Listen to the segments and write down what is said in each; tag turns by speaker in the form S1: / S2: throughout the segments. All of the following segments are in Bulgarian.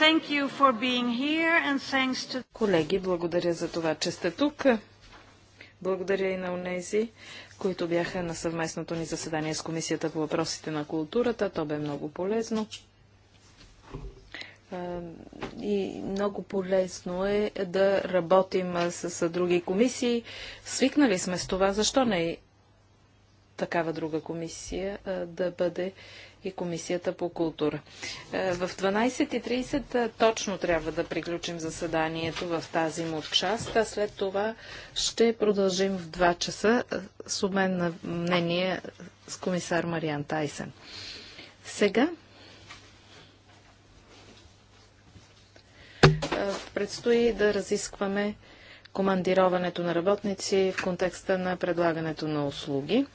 S1: To... Колеги, благодаря за това, че сте тук. Благодаря и на унези, които бяха на съвместното ни заседание с Комисията по въпросите на културата. То бе много полезно. И много полезно е да работим с, с други комисии. Свикнали сме с това. Защо не такава друга комисия да бъде и Комисията по култура. Е, в 12.30 е, точно трябва да приключим заседанието в тази му част, а след това ще продължим в 2 часа е, с обмен на мнение с комисар Мариан Тайсен. Сега предстои да разискваме командироването на работници в контекста на предлагането на услуги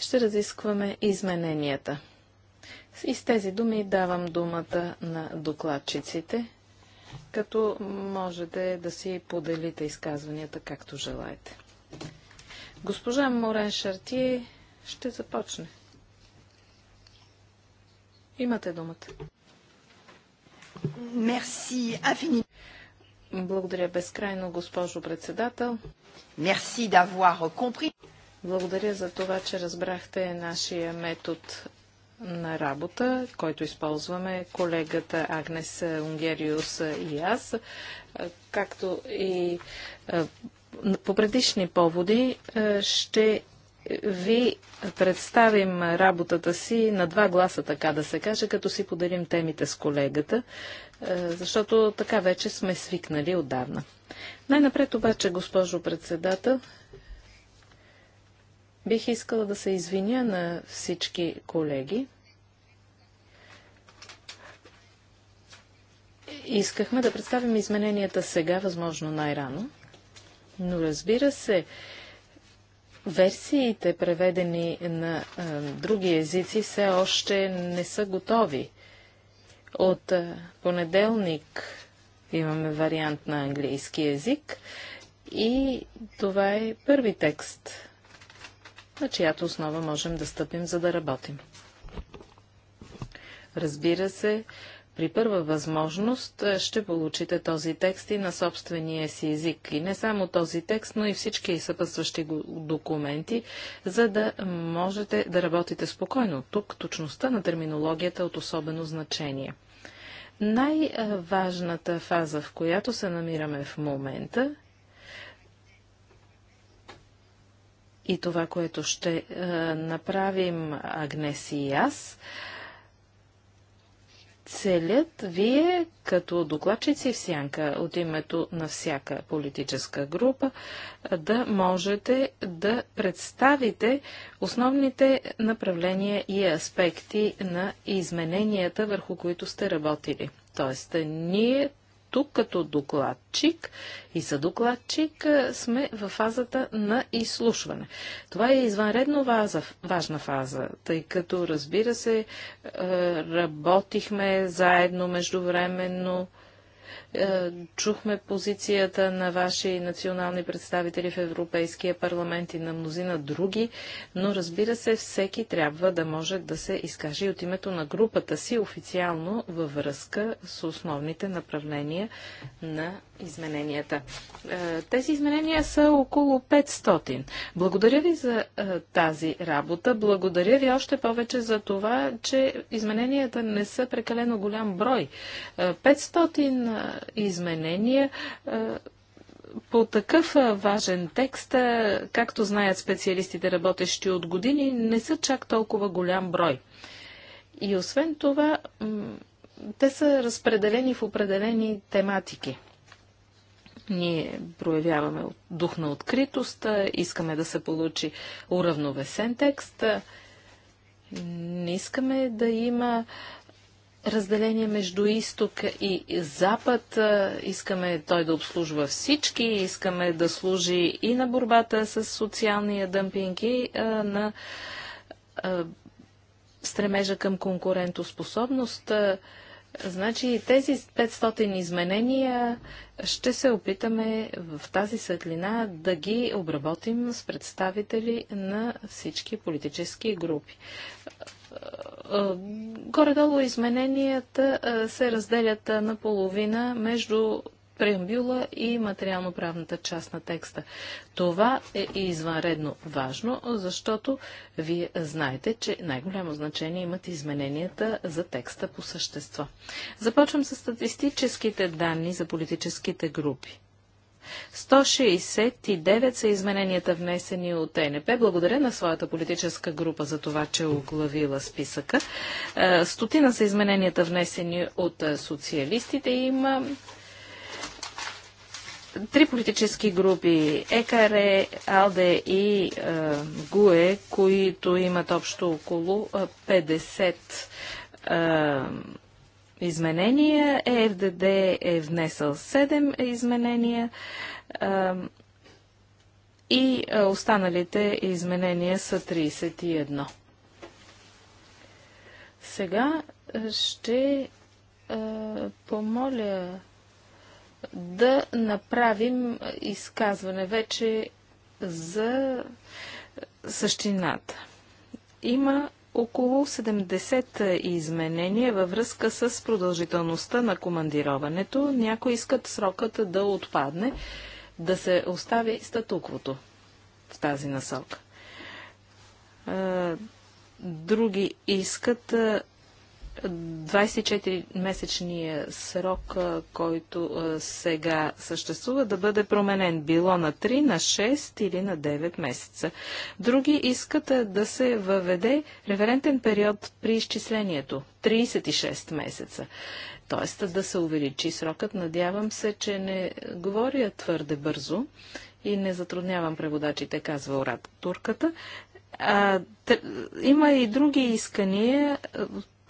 S1: ще разискваме измененията. И с тези думи давам думата на докладчиците, като можете да си поделите изказванията както желаете. Госпожа Морен Шартие ще започне. Имате думата. Мерси, афини. Благодаря безкрайно, госпожо председател. Мерси d'avoir compris. Благодаря за това, че разбрахте нашия метод на работа, който използваме колегата Агнес Унгериус и аз, както и по предишни поводи ще ви представим работата си на два гласа, така да се каже, като си поделим темите с колегата, защото така вече сме свикнали отдавна. Най-напред обаче, госпожо председател, Бих искала да се извиня на всички колеги. Искахме да представим измененията сега, възможно най-рано. Но разбира се, версиите, преведени на а, други езици, все още не са готови. От а, понеделник имаме вариант на английски език и това е първи текст на чиято основа можем да стъпим, за да работим. Разбира се, при първа възможност е, ще получите този текст и на собствения си език. И не само този текст, но и всички съпътстващи документи, за да можете да работите спокойно. Тук точността на терминологията е от особено значение. Най-важната фаза, в която се намираме в момента, и това, което ще е, направим Агнес и аз, целят вие, като докладчици в сянка от името на всяка политическа група, да можете да представите основните направления и аспекти на измененията, върху които сте работили. Тоест, ние тук като докладчик и съдокладчик сме в фазата на изслушване. Това е извънредно важна фаза, тъй като, разбира се, работихме заедно междувременно е, чухме позицията на ваши национални представители в Европейския парламент и на мнозина други, но разбира се, всеки трябва да може да се изкаже и от името на групата си официално във връзка с основните направления на измененията. Е, тези изменения са около 500. Благодаря ви за е, тази работа. Благодаря ви още повече за това, че измененията не са прекалено голям брой. 500 изменения е, по такъв е, важен текст, е, както знаят специалистите, работещи от години, не са чак толкова голям брой. И освен това, те са разпределени в определени тематики. Ние проявяваме дух на откритост, искаме да се получи уравновесен текст, не искаме да има разделение между изток и запад. Искаме той да обслужва всички, искаме да служи и на борбата с социалния дъмпинг и на стремежа към конкурентоспособност. Значи тези 500 изменения ще се опитаме в тази светлина да ги обработим с представители на всички политически групи. Е, горе-долу измененията е, се разделят е, на половина между преамбюла и материално-правната част на текста. Това е извънредно важно, защото вие знаете, че най-голямо значение имат измененията за текста по същество. Започвам с статистическите данни за политическите групи. 169 са измененията внесени от ЕНП. Благодаря на своята политическа група за това, че е оглавила списъка. Е, стотина са измененията внесени от е, социалистите. Има три политически групи ЕКР, АЛДЕ и е, ГУЕ, които имат общо около 50 е, е изменения. ЕФДД е внесъл 7 изменения и останалите изменения са 31. Сега ще помоля да направим изказване вече за същината. Има около 70 изменения във връзка с продължителността на командироването. Някои искат срокът да отпадне, да се остави статуквото в тази насока. Други искат 24-месечния срок, който сега съществува, да бъде променен било на 3, на 6 или на 9 месеца. Други искат да се въведе референтен период при изчислението 36 месеца. Тоест да се увеличи срокът. Надявам се, че не говоря твърде бързо и не затруднявам преводачите, казва ораторката. А, тър... има и други искания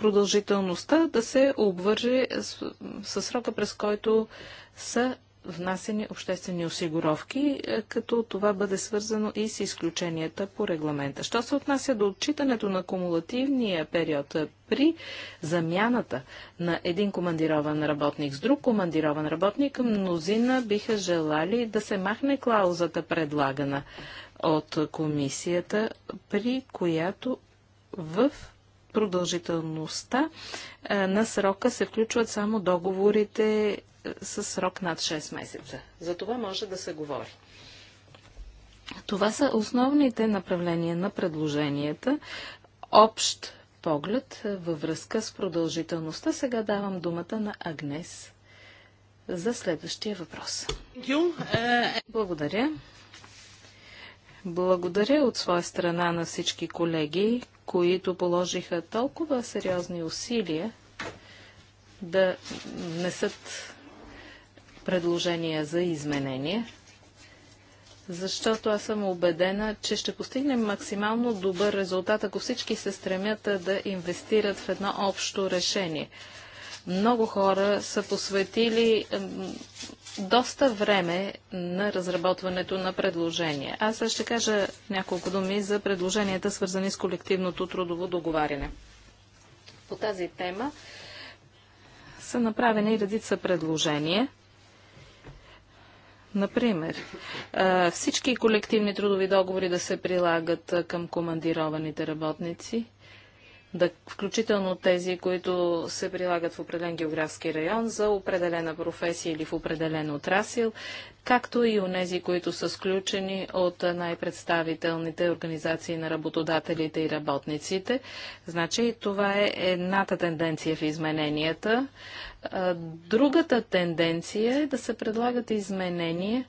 S1: продължителността да се обвърже с, с срока, през който са внасени обществени осигуровки, е, като това бъде свързано и с изключенията по регламента. Що се отнася до отчитането на кумулативния период е, при замяната на един командирован работник с друг командирован работник, мнозина биха желали да се махне клаузата предлагана от комисията, при която в продължителността на срока се включват само договорите с срок над 6 месеца. За това може да се говори. Това са основните направления на предложенията. Общ поглед във връзка с продължителността. Сега давам думата на Агнес за следващия въпрос. Е, е. Благодаря. Благодаря от своя страна на всички колеги, които положиха толкова сериозни усилия да внесат предложения за изменение, защото аз съм убедена, че ще постигнем максимално добър резултат, ако всички се стремят да инвестират в едно общо решение. Много хора са посветили доста време на разработването на предложения. Аз ще кажа няколко думи за предложенията, свързани с колективното трудово договаряне. По тази тема са направени редица предложения. Например, всички колективни трудови договори да се прилагат към командированите работници – да, включително тези, които се прилагат в определен географски район за определена професия или в определен отрасил, както и у нези, които са сключени от най-представителните организации на работодателите и работниците. Значи това е едната тенденция в измененията. Другата тенденция е да се предлагат изменения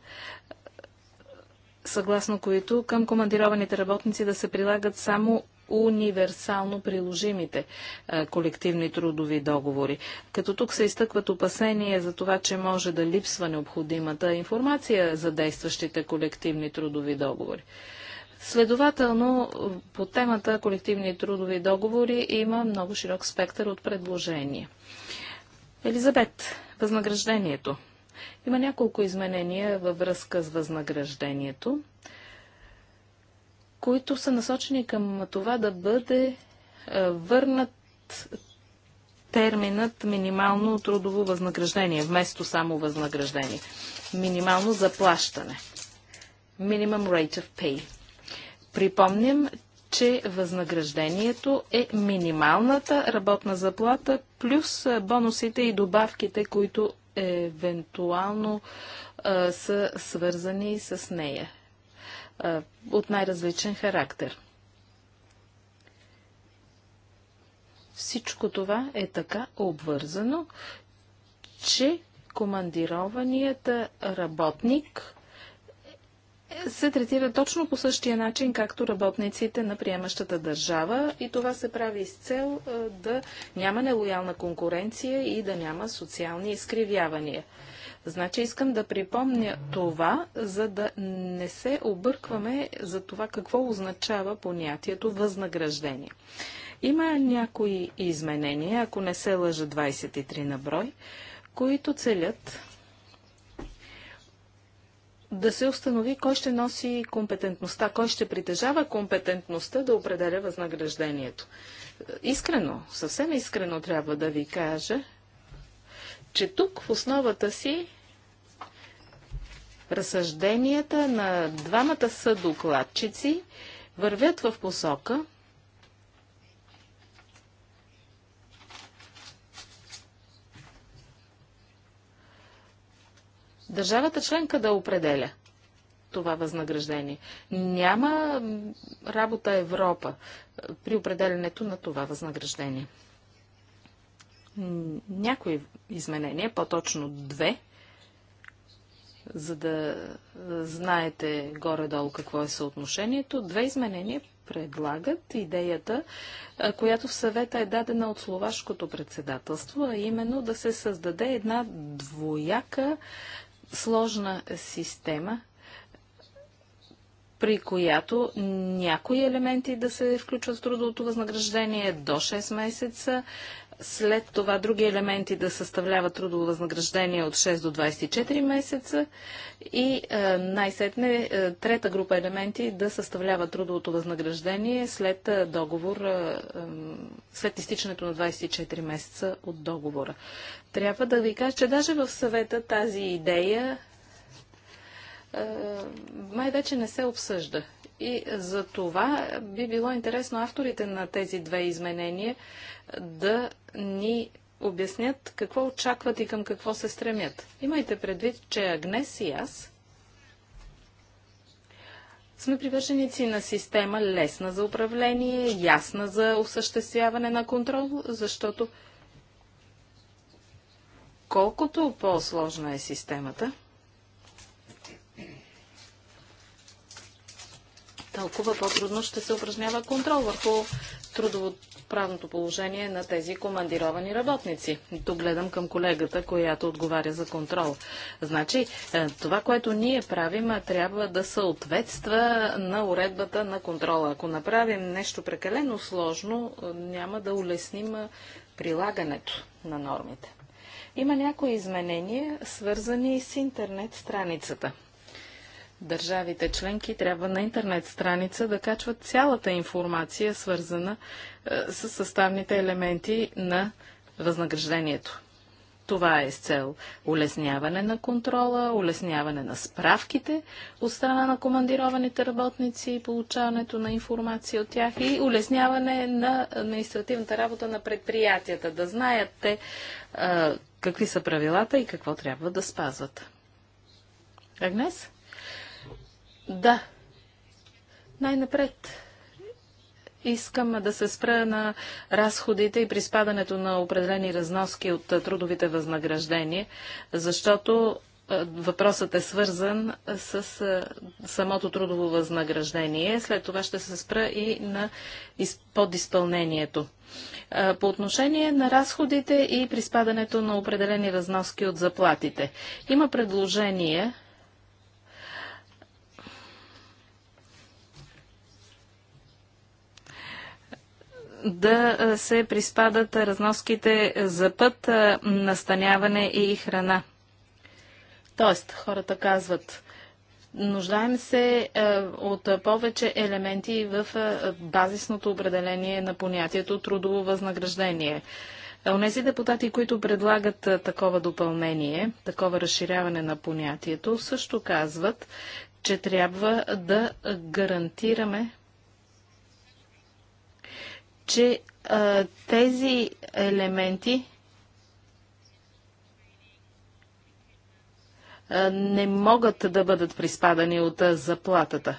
S1: съгласно които към командированите работници да се прилагат само универсално приложимите а, е, колективни трудови договори. Като тук се изтъкват опасения за това, че може да липсва необходимата информация за действащите колективни трудови договори. Следователно, по темата колективни трудови договори има много широк спектър от предложения. Елизабет, възнаграждението. Има няколко изменения във връзка с възнаграждението които са насочени към това да бъде е, върнат терминът минимално трудово възнаграждение, вместо само възнаграждение. Минимално заплащане. Minimum rate of pay. Припомням, че възнаграждението е минималната работна заплата плюс е, бонусите и добавките, които евентуално а, е, са свързани с нея от най-различен характер. Всичко това е така обвързано, че командированият работник се третира точно по същия начин, както работниците на приемащата държава и това се прави с цел да няма нелоялна конкуренция и да няма социални изкривявания. Значи искам да припомня това, за да не се объркваме за това какво означава понятието възнаграждение. Има някои изменения, ако не се лъжа 23 на брой, които целят да се установи кой ще носи компетентността, кой ще притежава компетентността да определя възнаграждението. Искрено, съвсем искрено трябва да ви кажа, че тук в основата си разсъжденията на двамата съдокладчици вървят в посока държавата членка да определя това възнаграждение. Няма работа Европа при определенето на това възнаграждение някои изменения, по-точно две, за да знаете горе-долу какво е съотношението. Две изменения предлагат идеята, която в съвета е дадена от словашкото председателство, а именно да се създаде една двояка сложна система при която някои елементи да се включват в трудовото възнаграждение до 6 месеца, след това други елементи да съставляват трудово възнаграждение от 6 до 24 месеца и е, най-сетне е, трета група елементи да съставляват трудовото възнаграждение след е, договор, след изтичането на 24 месеца от договора. Трябва да ви кажа, че даже в съвета тази идея е, май вече не се обсъжда. И за това би било интересно авторите на тези две изменения да ни обяснят какво очакват и към какво се стремят. Имайте предвид, че Агнес и аз сме привърженици на система лесна за управление, ясна за осъществяване на контрол, защото колкото по-сложна е системата, толкова по-трудно ще се упражнява контрол върху трудовоправното положение на тези командировани работници. Тук гледам към колегата, която отговаря за контрол. Значи, е, това, което ние правим, е, трябва да съответства на уредбата на контрола. Ако направим нещо прекалено сложно, е, няма да улесним прилагането на нормите. Има някои изменения, свързани с интернет страницата. Държавите членки трябва на интернет страница да качват цялата информация, свързана е, с съставните елементи на възнаграждението. Това е с цел улесняване на контрола, улесняване на справките от страна на командированите работници и получаването на информация от тях и улесняване на административната работа на предприятията, да знаят те е, какви са правилата и какво трябва да спазват. Агнес? Да. Най-напред искам да се спра на разходите и приспадането на определени разноски от трудовите възнаграждения, защото е, въпросът е свързан с е, самото трудово възнаграждение. След това ще се спра и на подизпълнението. Е, по отношение на разходите и приспадането на определени разноски от заплатите. Има предложения да се приспадат разноските за път, настаняване и храна. Тоест, хората казват, нуждаем се от повече елементи в базисното определение на понятието трудово възнаграждение. Онези депутати, които предлагат такова допълнение, такова разширяване на понятието, също казват, че трябва да гарантираме че а, тези елементи а, не могат да бъдат приспадани от а, заплатата.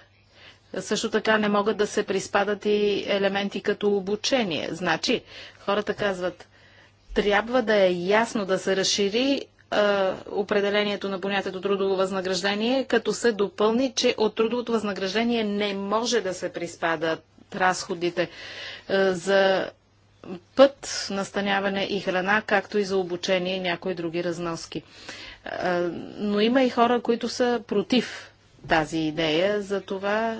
S1: Също така не могат да се приспадат и елементи като обучение. Значи, хората казват, трябва да е ясно да се разшири а, определението на понятието трудово възнаграждение, като се допълни, че от трудовото възнаграждение не може да се приспадат разходите е, за път, настаняване и храна, както и за обучение и някои други разноски. Е, но има и хора, които са против тази идея. За това е,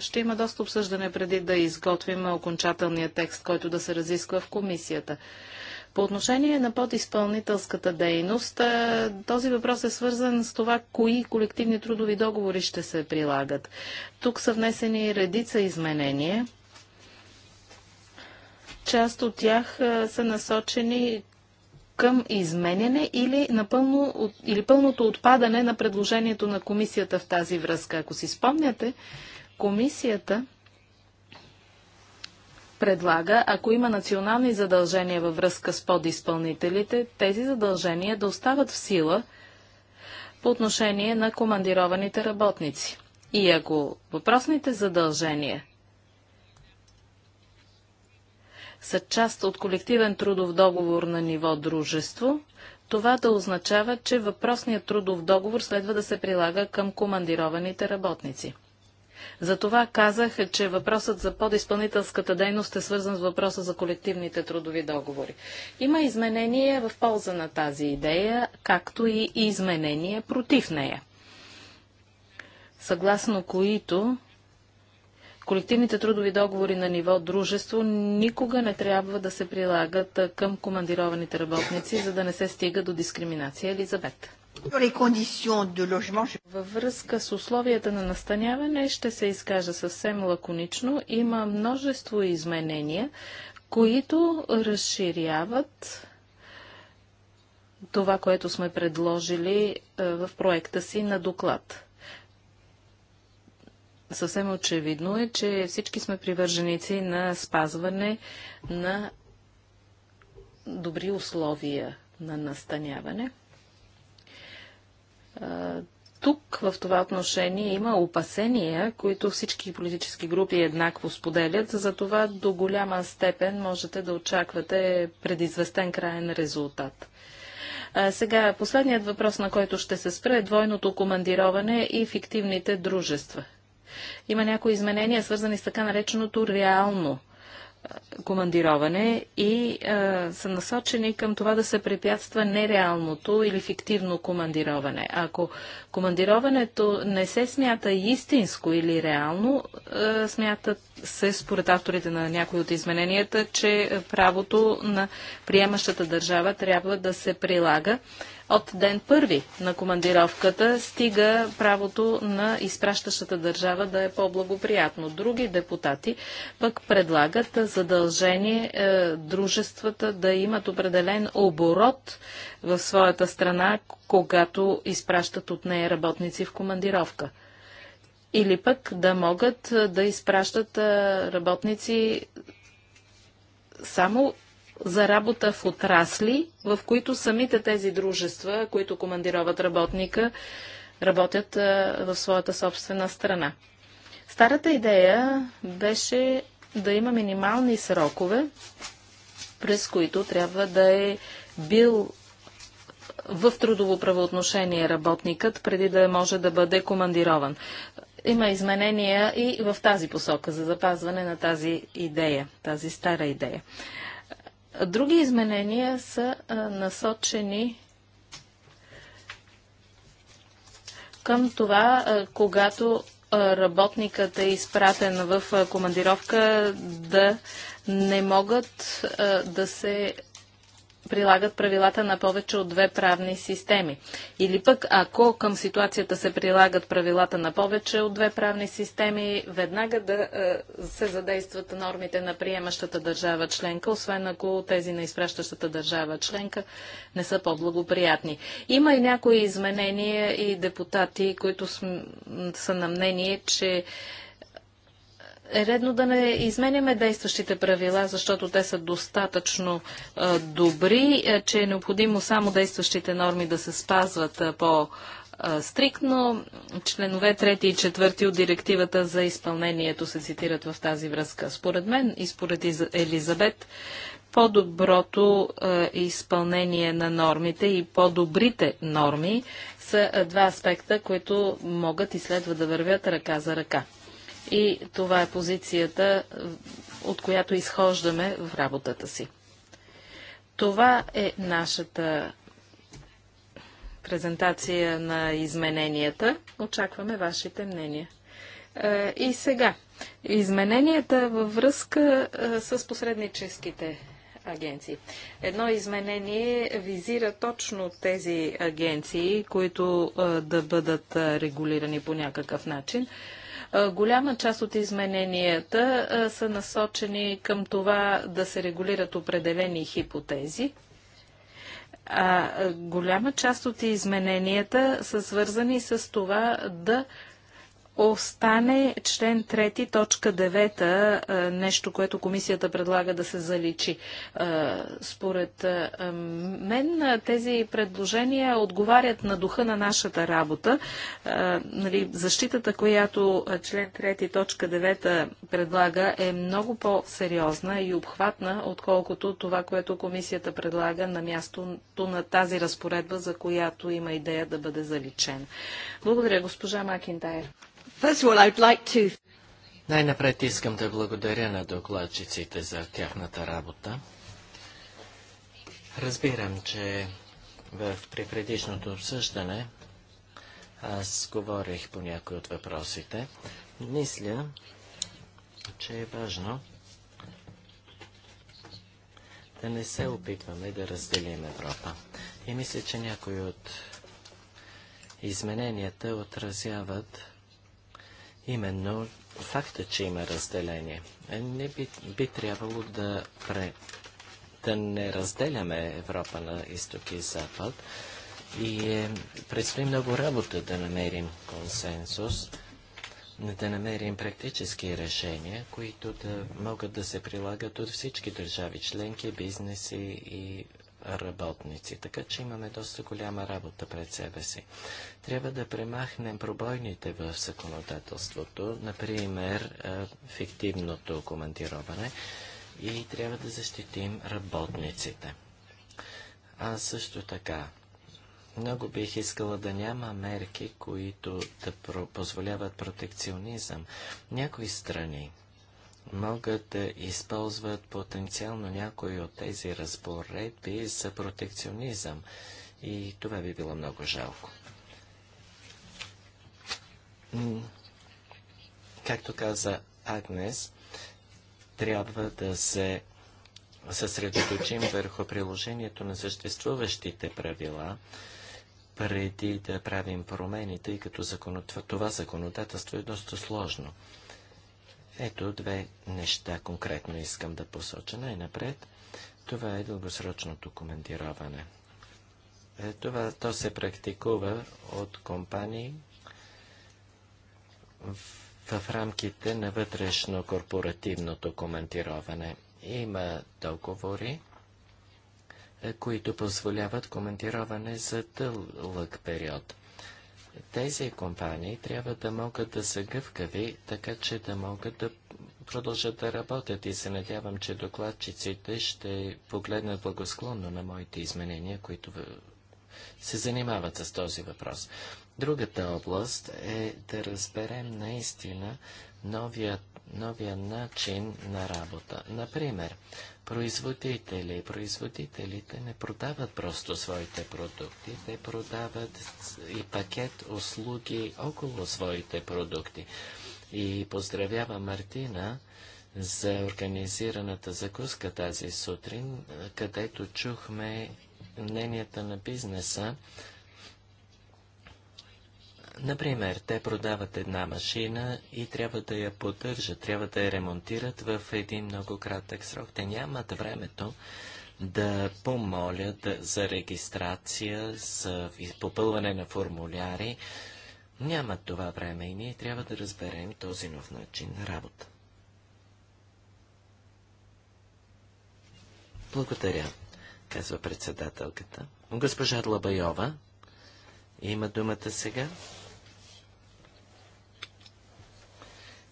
S1: ще има доста обсъждане преди да изготвим окончателния текст, който да се разисква в комисията. По отношение на подизпълнителската дейност, е, този въпрос е свързан с това, кои колективни трудови договори ще се прилагат. Тук са внесени редица изменения. Част от тях е, са насочени към изменене или, напълно, или пълното отпадане на предложението на комисията в тази връзка. Ако си спомняте, комисията предлага, ако има национални задължения във връзка с подизпълнителите, тези задължения да остават в сила по отношение на командированите работници. И ако въпросните задължения са част от колективен трудов договор на ниво дружество, това да означава, че въпросният трудов договор следва да се прилага към командированите работници. Затова казах, че въпросът за подиспълнителската дейност е свързан с въпроса за колективните трудови договори. Има изменения в полза на тази идея, както и изменения против нея, съгласно които Колективните трудови договори на ниво дружество никога не трябва да се прилагат към командированите работници, за да не се стига до дискриминация. Елизабет. Във връзка с условията на настаняване ще се изкажа съвсем лаконично. Има множество изменения, които разширяват това, което сме предложили е, в проекта си на доклад. Съвсем очевидно е, че всички сме привърженици на спазване на добри условия на настаняване – тук в това отношение има опасения, които всички политически групи еднакво споделят. За това до голяма степен можете да очаквате предизвестен краен резултат. А, сега, последният въпрос, на който ще се спре, е двойното командироване и фиктивните дружества. Има някои изменения, свързани с така нареченото реално командироване и а, са насочени към това да се препятства нереалното или фиктивно командироване. Ако командироването не се смята истинско или реално, а, смятат се според авторите на някои от измененията, че правото на приемащата държава трябва да се прилага от ден първи на командировката стига правото на изпращащата държава да е по-благоприятно. Други депутати пък предлагат задължение е, дружествата да имат определен оборот в своята страна, когато изпращат от нея работници в командировка или пък да могат е, да изпращат е, работници само за работа в отрасли, в които самите тези дружества, които командироват работника, работят в своята собствена страна. Старата идея беше да има минимални срокове, през които трябва да е бил в трудово правоотношение работникът, преди да може да бъде командирован. Има изменения и в тази посока за запазване на тази идея, тази стара идея. Други изменения са насочени към това, когато работникът е изпратен в командировка, да не могат да се прилагат правилата на повече от две правни системи. Или пък, ако към ситуацията се прилагат правилата на повече от две правни системи, веднага да е, се задействат нормите на приемащата държава членка, освен ако тези на изпращащата държава членка не са по-благоприятни. Има и някои изменения и депутати, които са на мнение, че е редно да не изменяме действащите правила, защото те са достатъчно а, добри, а, е, че е необходимо само действащите норми да се спазват а, по стриктно. Членове 3 и 4 от директивата за изпълнението се цитират в тази връзка. Според мен и според Елизабет, по-доброто изпълнение на нормите и по-добрите норми са два аспекта, които могат и следва да вървят ръка за ръка. И това е позицията, от която изхождаме в работата си. Това е нашата презентация на измененията. Очакваме вашите мнения. Е, и сега, измененията във връзка е, с посредническите агенции. Едно изменение визира точно тези агенции, които да бъдат регулирани по някакъв начин. голяма част от измененията са насочени към това да се регулират определени хипотези. А голяма част от измененията са свързани с това да остане член 3, точка 9, нещо, което комисията предлага да се заличи. Според мен тези предложения отговарят на духа на нашата работа. Нали, защитата, която член 3, точка 9 предлага е много по-сериозна и обхватна, отколкото това, което комисията предлага на мястото на тази разпоредба, за която има идея да бъде заличена. Благодаря, госпожа Макинтайр.
S2: Най-напред искам да благодаря на докладчиците за тяхната работа. Разбирам, че в предишното обсъждане аз говорих по някои от въпросите. Мисля, че е важно да не се опитваме да разделим Европа. И мисля, че някои от измененията отразяват Именно факта, че има разделение. Е, не би, би трябвало да, пре, да не разделяме Европа на изток и запад. И е, предстои много работа да намерим консенсус, да намерим практически решения, които да могат да се прилагат от всички държави, членки, бизнеси и работници, така че имаме доста голяма работа пред себе си. Трябва да премахнем пробойните в законодателството, например фиктивното командироване и трябва да защитим работниците. А също така, много бих искала да няма мерки, които да позволяват протекционизъм. Някои страни, могат да използват потенциално някои от тези разпоредби за протекционизъм. И това би било много жалко. Както каза Агнес, трябва да се съсредоточим върху приложението на съществуващите правила, преди да правим промени, тъй като законот... това законодателство е доста сложно. Ето две неща конкретно искам да посоча. Най-напред, това е дългосрочното командироване. Е, това, то се практикува от компании в, в рамките на вътрешно-корпоративното командироване. Има договори, е, които позволяват командироване за дълъг период. Тези компании трябва да могат да са гъвкави, така че да могат да продължат да работят и се надявам, че докладчиците ще погледнат благосклонно на моите изменения, които се занимават с този въпрос. Другата област е да разберем наистина новия, новия начин на работа. Например, производители. Производителите не продават просто своите продукти, те продават и пакет услуги около своите продукти. И поздравявам Мартина за организираната закуска тази сутрин, където чухме мненията на бизнеса Например, те продават една машина и трябва да я поддържат, трябва да я ремонтират в един много кратък срок. Те нямат времето да помолят за регистрация, за попълване на формуляри. Нямат това време и ние трябва да разберем този нов начин на работа. Благодаря, казва председателката. Госпожа Длабайова има думата сега.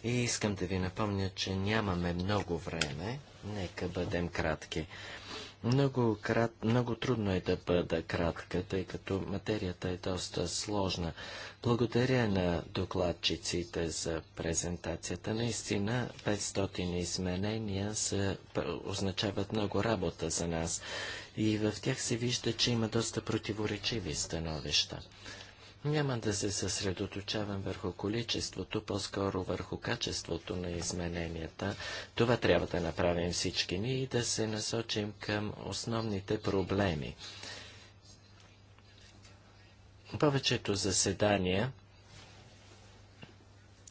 S2: И искам да ви напомня, че нямаме много време. Нека бъдем кратки. Много, крат... много трудно е да бъда кратка, тъй като материята е доста сложна. Благодаря на докладчиците за презентацията. Наистина 500 изменения са... означават много работа за нас и в тях се вижда, че има доста противоречиви становища. Няма да се съсредоточавам върху количеството, по-скоро върху качеството на измененията. Това трябва да направим всички ние и да се насочим към основните проблеми. Повечето заседания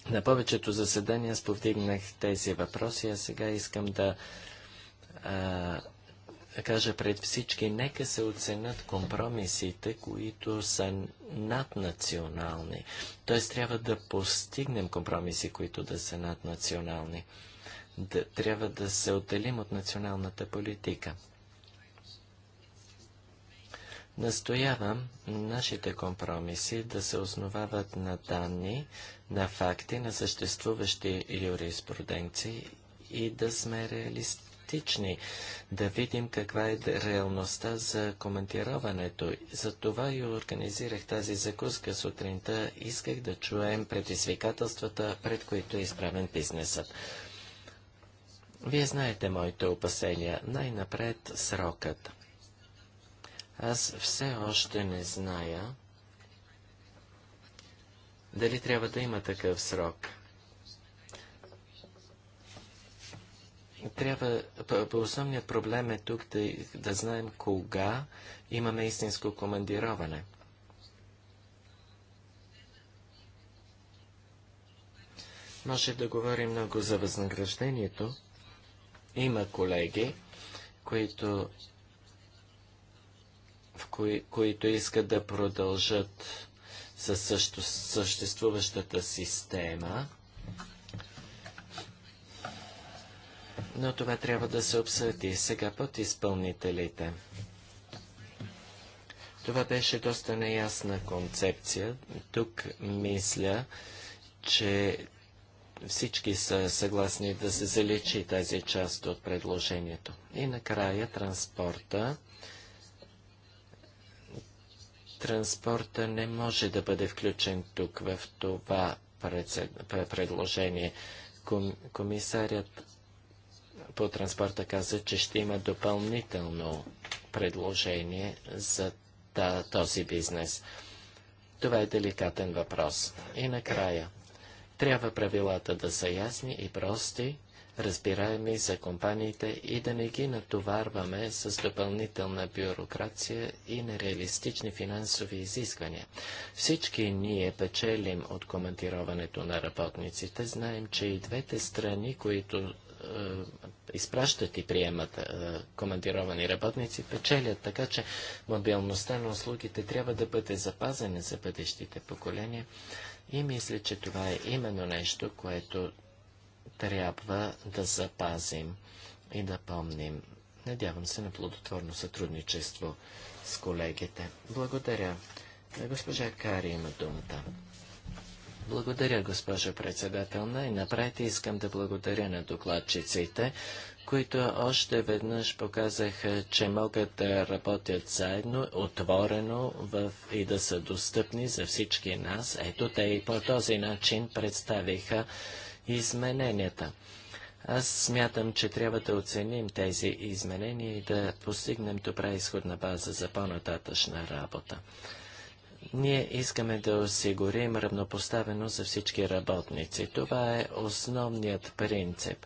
S2: на повечето заседания сповдигнах тези въпроси, а сега искам да а, кажа пред всички, нека се оценят компромисите, които са наднационални. Т.е. трябва да постигнем компромиси, които да са наднационални. Да, трябва да се отделим от националната политика. Настоявам нашите компромиси да се основават на данни, на факти, на съществуващи юриспруденции и да сме реалисти прагматични, да видим каква е реалността за коментироването. Затова и организирах тази закуска сутринта. Исках да чуем предизвикателствата, пред които е изправен бизнесът. Вие знаете моите опасения. Най-напред срокът. Аз все още не зная дали трябва да има такъв срок – трябва, основният проблем е тук да, да знаем кога имаме истинско командироване. Може да говорим много за възнаграждението. Има колеги, които, в кои, които искат да продължат със съществуващата система, но това трябва да се обсъди. Сега под изпълнителите. Това беше доста неясна концепция. Тук мисля, че всички са съгласни да се заличи тази част от предложението. И накрая транспорта. Транспорта не може да бъде включен тук в това предложение. комисарят по транспорта каза, че ще има допълнително предложение за този бизнес. Това е деликатен въпрос. И накрая, трябва правилата да са ясни и прости, разбираеми за компаниите и да не ги натоварваме с допълнителна бюрокрация и нереалистични финансови изисквания. Всички ние печелим от коментироването на работниците, знаем, че и двете страни, които е, изпращат и приемат е, командировани работници, печелят. Така че мобилността на услугите трябва да бъде запазена за бъдещите поколения. И мисля, че това е именно нещо, което трябва да запазим и да помним. Надявам се на плодотворно сътрудничество с колегите. Благодаря. Госпожа Кари има думата. Благодаря, госпожо председателна, и напред искам да благодаря на докладчиците, които още веднъж показаха, че могат да работят заедно, отворено в... и да са достъпни за всички нас. Ето те и по този начин представиха измененията. Аз смятам, че трябва да оценим тези изменения и да постигнем добра изходна база за по-нататъчна работа. Ние искаме да осигурим равнопоставено за всички работници. Това е основният принцип.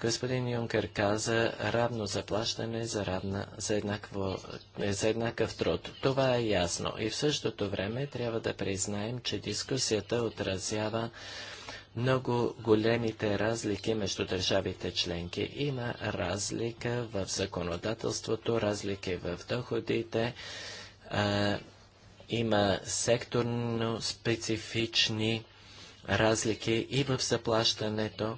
S2: Господин Юнкер каза равно заплащане за, равна, за, еднакво, е, за еднакъв труд. Това е ясно. И в същото време трябва да признаем, че дискусията отразява много големите разлики между държавите членки. Има разлика в законодателството, разлики в доходите. А, има секторно специфични разлики и в заплащането.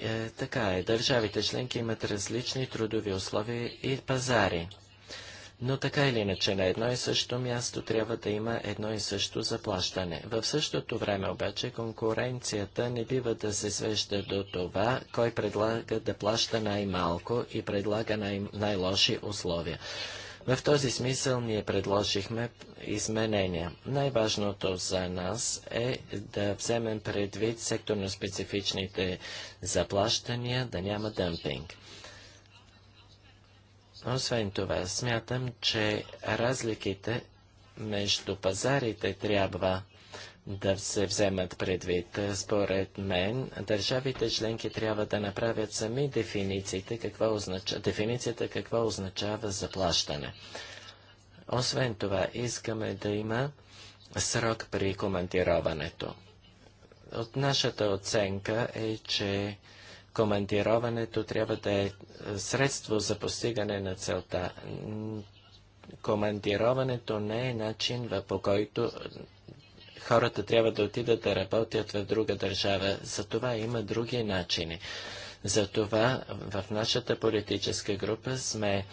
S2: Е, така е, държавите членки имат различни трудови условия и пазари. Но така или иначе на едно и също място трябва да има едно и също заплащане. В същото време обаче конкуренцията не бива да се свежда до това, кой предлага да плаща най-малко и предлага най- най-лоши условия. В този смисъл ние предложихме изменения. Най-важното за нас е да вземем предвид секторно специфичните заплащания, да няма дъмпинг. Освен това, смятам, че разликите между пазарите трябва да се вземат предвид. Според мен, държавите членки трябва да направят сами дефинициите, каква означа, дефиницията какво означава заплащане. Освен това, искаме да има срок при командироването. От нашата оценка е, че командироването трябва да е, е средство за постигане на целта. Командироването не е начин, по който хората трябва да отидат да работят в друга държава. За това има други начини. За това в нашата политическа група сме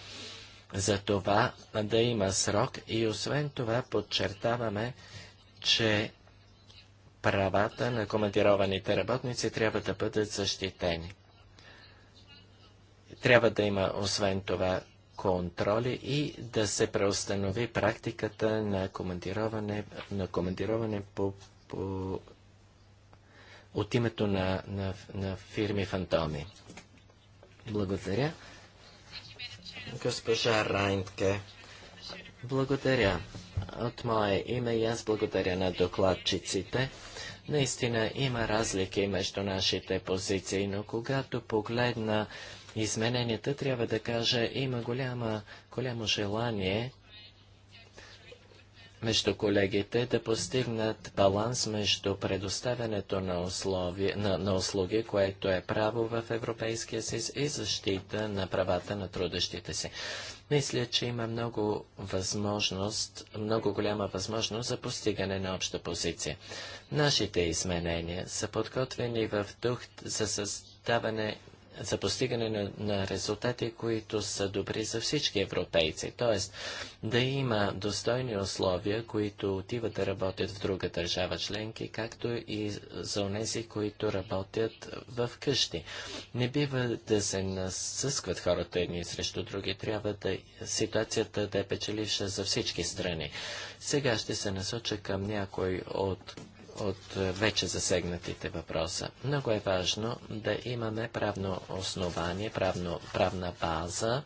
S2: за това да има срок и освен това подчертаваме, че правата на командированите работници трябва да бъдат защитени. Трябва да има, освен това, контроли и да се преустанови практиката на командироване, на командироване по, по, от името на, на, на фирми фантоми. Благодаря. Госпожа Райнтке, благодаря. От мое име и аз благодаря на докладчиците. Наистина има разлики между нашите позиции, но когато погледна измененията, трябва да кажа, има голяма, голямо желание между колегите да постигнат баланс между предоставянето на, услови, на, на услуги, което е право в Европейския съюз и защита на правата на трудещите си. Мисля, че има много възможност, много голяма възможност за постигане на обща позиция. Нашите изменения са подготвени в дух за създаване за постигане на, на резултати, които са добри за всички европейци. Тоест, да има достойни условия, които отиват да работят в друга държава членки, както и за онези, които работят в къщи. Не бива да се насъскват хората едни срещу други. Трябва да ситуацията да е печеливша за всички страни. Сега ще се насоча към някой от от е, вече засегнатите въпроса. Много е важно да имаме правно основание, правно, правна база,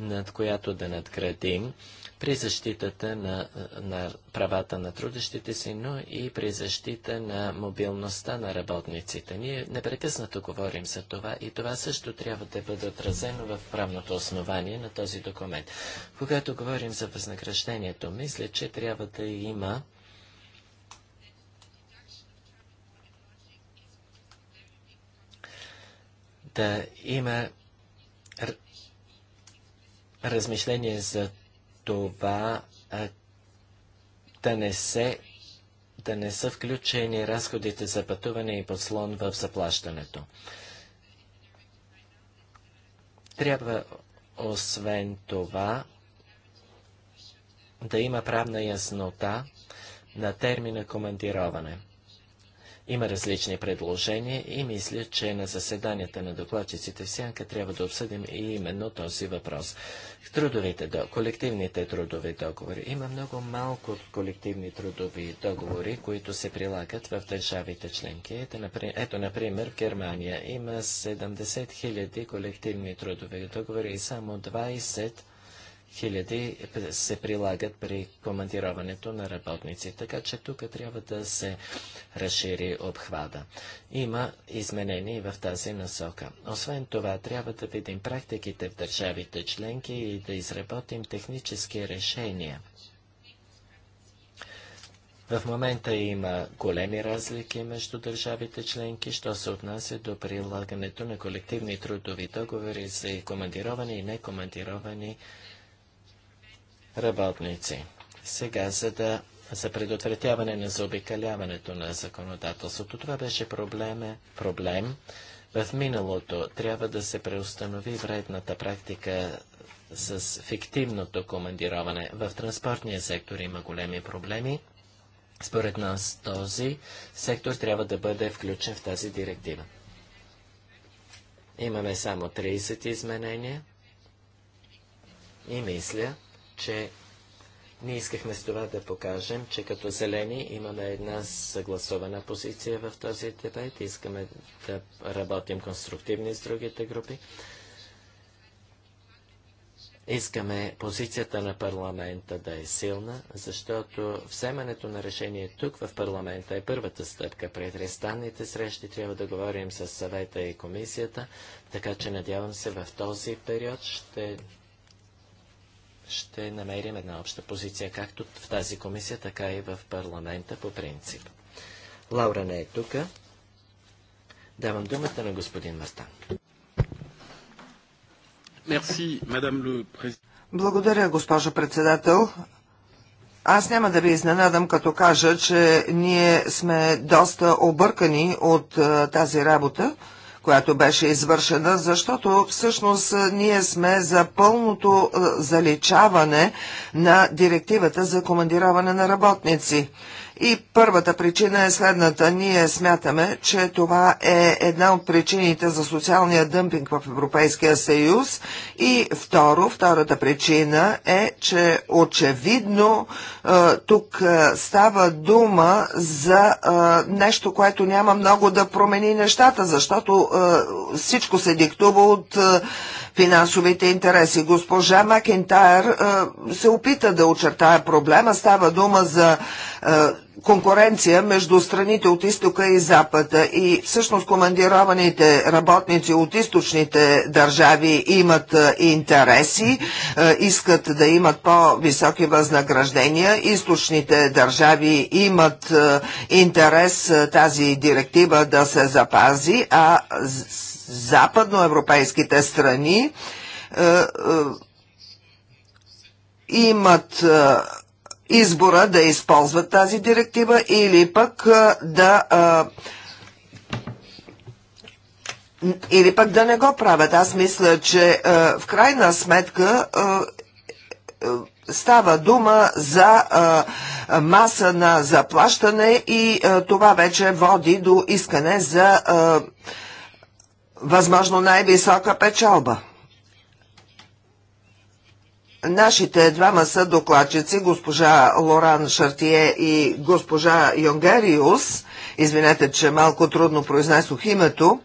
S2: над която да надградим при защитата на, на правата на трудещите си, но и при защита на мобилността на работниците. Ние непрекъснато говорим за това и това също трябва да бъде отразено в правното основание на този документ. Когато говорим за възнаграждението, мисля, че трябва да има да има размишление за това а, да не се да не са включени разходите за пътуване и подслон в заплащането. Трябва освен това да има правна яснота на термина командироване – има различни предложения и мисля, че на заседанията на докладчиците в Сянка трябва да обсъдим и именно този въпрос. Трудовите, колективните трудови договори. Има много малко колективни трудови договори, които се прилагат в държавите членки. Ето, например, ето, например в Германия има 70 000 колективни трудови договори и само 20 хиляди се прилагат при командироването на работници. Така че тук трябва да се разшири обхвата. Има изменения и в тази насока. Освен това, трябва да видим практиките в държавите членки и да изработим технически решения. В момента има големи разлики между държавите членки, що се отнася до прилагането на колективни трудови договори за командировани и некомандировани работници работници. Сега, за да за предотвратяване на заобикаляването на законодателството. Това беше проблеме, проблем. В миналото трябва да се преустанови вредната практика с фиктивното командироване. В транспортния сектор има големи проблеми. Според нас този сектор трябва да бъде включен в тази директива. Имаме само 30 изменения и мисля, че ние искахме с това да покажем, че като зелени имаме една съгласована позиция в този дебет. Искаме да работим конструктивни с другите групи. Искаме позицията на парламента да е силна, защото вземането на решение тук в парламента е първата стъпка. Пред рестанните срещи трябва да говорим с съвета и комисията, така че надявам се в този период ще ще намерим една обща позиция, както в тази комисия, така и в парламента по принцип. Лаура не е тук. Давам думата на господин Мартан.
S3: Благодаря, госпожо председател. Аз няма да ви изненадам, като кажа, че ние сме доста объркани от тази работа която беше извършена, защото всъщност ние сме за пълното заличаване на директивата за командираване на работници. И първата причина е следната. Ние смятаме, че това е една от причините за социалния дъмпинг в Европейския съюз. И второ, втората причина е, че очевидно тук става дума за нещо, което няма много да промени нещата, защото всичко се диктува от финансовите интереси. Госпожа Макентайр се опита да очертая проблема. Става дума за конкуренция между страните от изтока и запада и всъщност командированите работници от източните държави имат е, интереси, е, искат да имат по-високи възнаграждения. Източните държави имат е, интерес тази директива да се запази, а западноевропейските страни имат избора да използват тази директива или пък да или пък да не го правят. Аз мисля, че в крайна сметка става дума за маса на заплащане и това вече води до искане за възможно най-висока печалба. Нашите двама са докладчици, госпожа Лоран Шартие и госпожа Йонгериус. Извинете, че малко трудно произнесох името.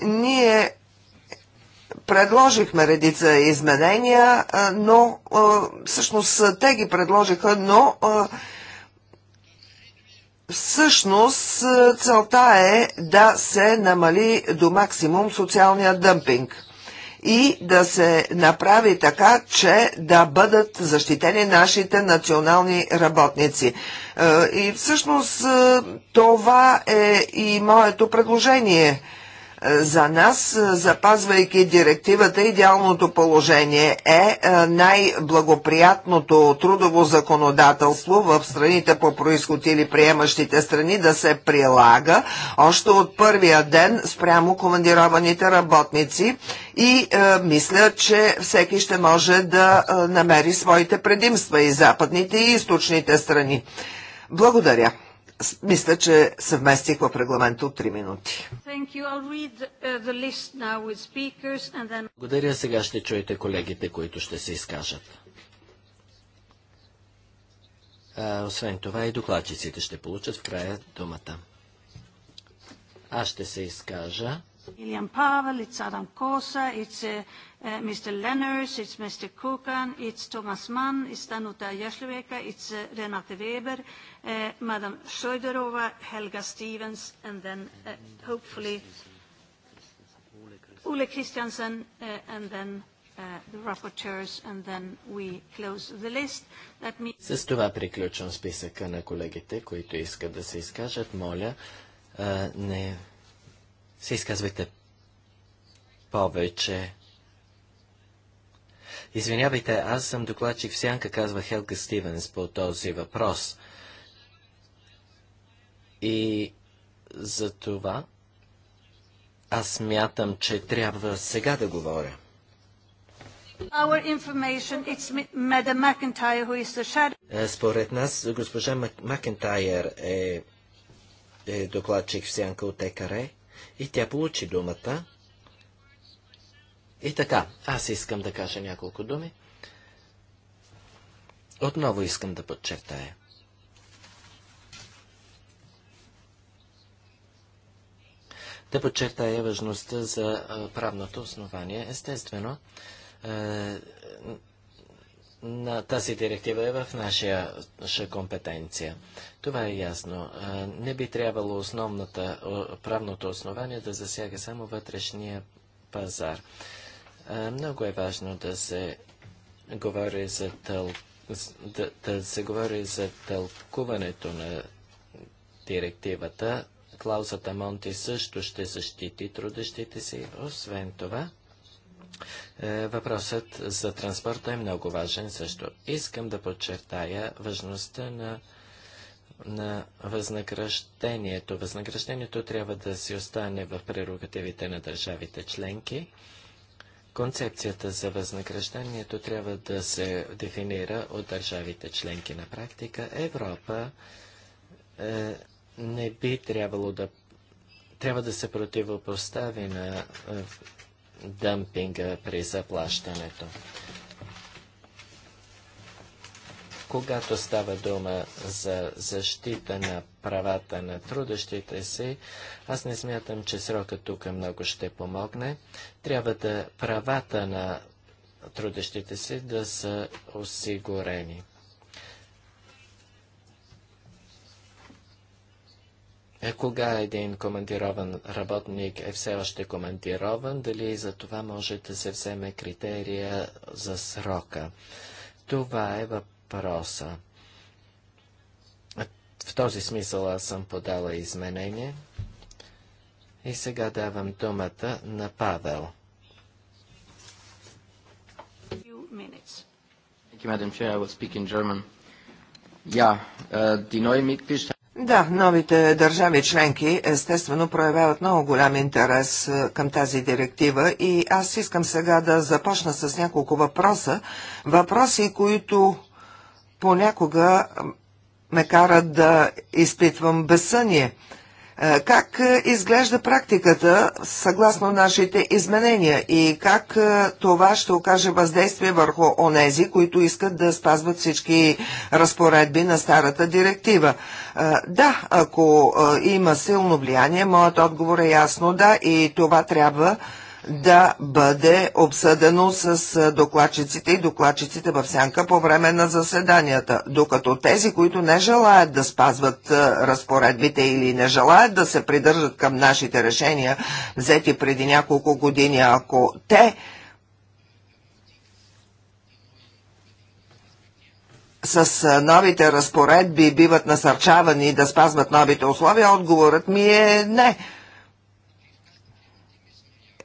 S3: Ние предложихме редица изменения, но всъщност те ги предложиха, но всъщност целта е да се намали до максимум социалния дъмпинг и да се направи така, че да бъдат защитени нашите национални работници. Е, и всъщност е, това е и моето предложение – е, за нас, е, запазвайки директивата, идеалното положение е, е най-благоприятното трудово законодателство в страните по происход или приемащите страни да се прилага още от първия ден спрямо командированите работници и е, мисля, че всеки ще може да намери своите предимства и западните и източните страни. Благодаря. Мисля, че съвместих в регламента от 3 минути. Uh, Благодаря. Сега ще чуете
S2: колегите, които ще се изкажат. освен това и докладчиците ще получат в края думата. Аз ще се изкажа.
S1: Ilian Pavel, it's Adam Kosa, it's uh, uh, Mr. Lenners, it's Mr. Kukan, it's Thomas Mann, it's Danuta Jasleveka, it's uh, Renate Weber, uh, Madam Sjöderova, Helga Stevens, and then uh, hopefully Ole Christiansen, uh, and then the С
S2: това приключвам списъка на колегите, които искат да се изкажат. Моля, не се изказвайте повече. Извинявайте, аз съм докладчик в сянка, казва Хелка Стивенс по този въпрос. И за това аз мятам, че трябва сега да говоря. Е, според нас, госпожа Макентайер е, е докладчик в сянка от ЕКАРЕ. И тя получи думата. И така, аз искам да кажа няколко думи. Отново искам да подчертая. Да подчертая важността за правното основание. Естествено, е, на тази директива е в нашия компетенция. Това е ясно. Не би трябвало основната, правното основание да засяга само вътрешния пазар. Много е важно да се говори за, тъл... да, да се говори за тълкуването на директивата. Клаузата Монти също ще защити трудещите си. Освен това, е, въпросът за транспорта е много важен също. Искам да подчертая важността на, на възнаграждението. Възнаграждението трябва да си остане в прерогативите на държавите членки. Концепцията за възнаграждението трябва да се дефинира от държавите членки на практика. Европа е, не би трябвало да трябва да се противопостави на е, дъмпинга при заплащането. Когато става дума за защита на правата на трудещите си, аз не смятам, че срока тук много ще помогне. Трябва да правата на трудещите си да са осигурени. Е, кога един командирован работник е все още командирован, дали за това може да се вземе критерия за срока. Това е въпроса. В този смисъл аз съм подала изменение. И сега давам думата на Павел. Thank you, Madam Chair. I will speak in German. Ja, äh, die neue Mitgliedstaaten
S3: да, новите държави членки естествено проявяват много голям интерес е, към тази директива и аз искам сега да започна с няколко въпроса. Въпроси, които понякога ме карат да изпитвам безсъние. Е, как е, изглежда практиката съгласно нашите изменения и как е, това ще окаже въздействие върху онези, които искат да спазват всички разпоредби на старата директива? Да, ако има силно влияние, моят отговор е ясно да и това трябва да да бъде обсъдено с докладчиците и докладчиците в сянка по време на заседанията, докато тези, които не желаят да спазват разпоредбите или не желаят да се придържат към нашите решения, взети преди няколко години, ако те с новите разпоредби биват насърчавани да спазват новите условия, отговорът ми е не –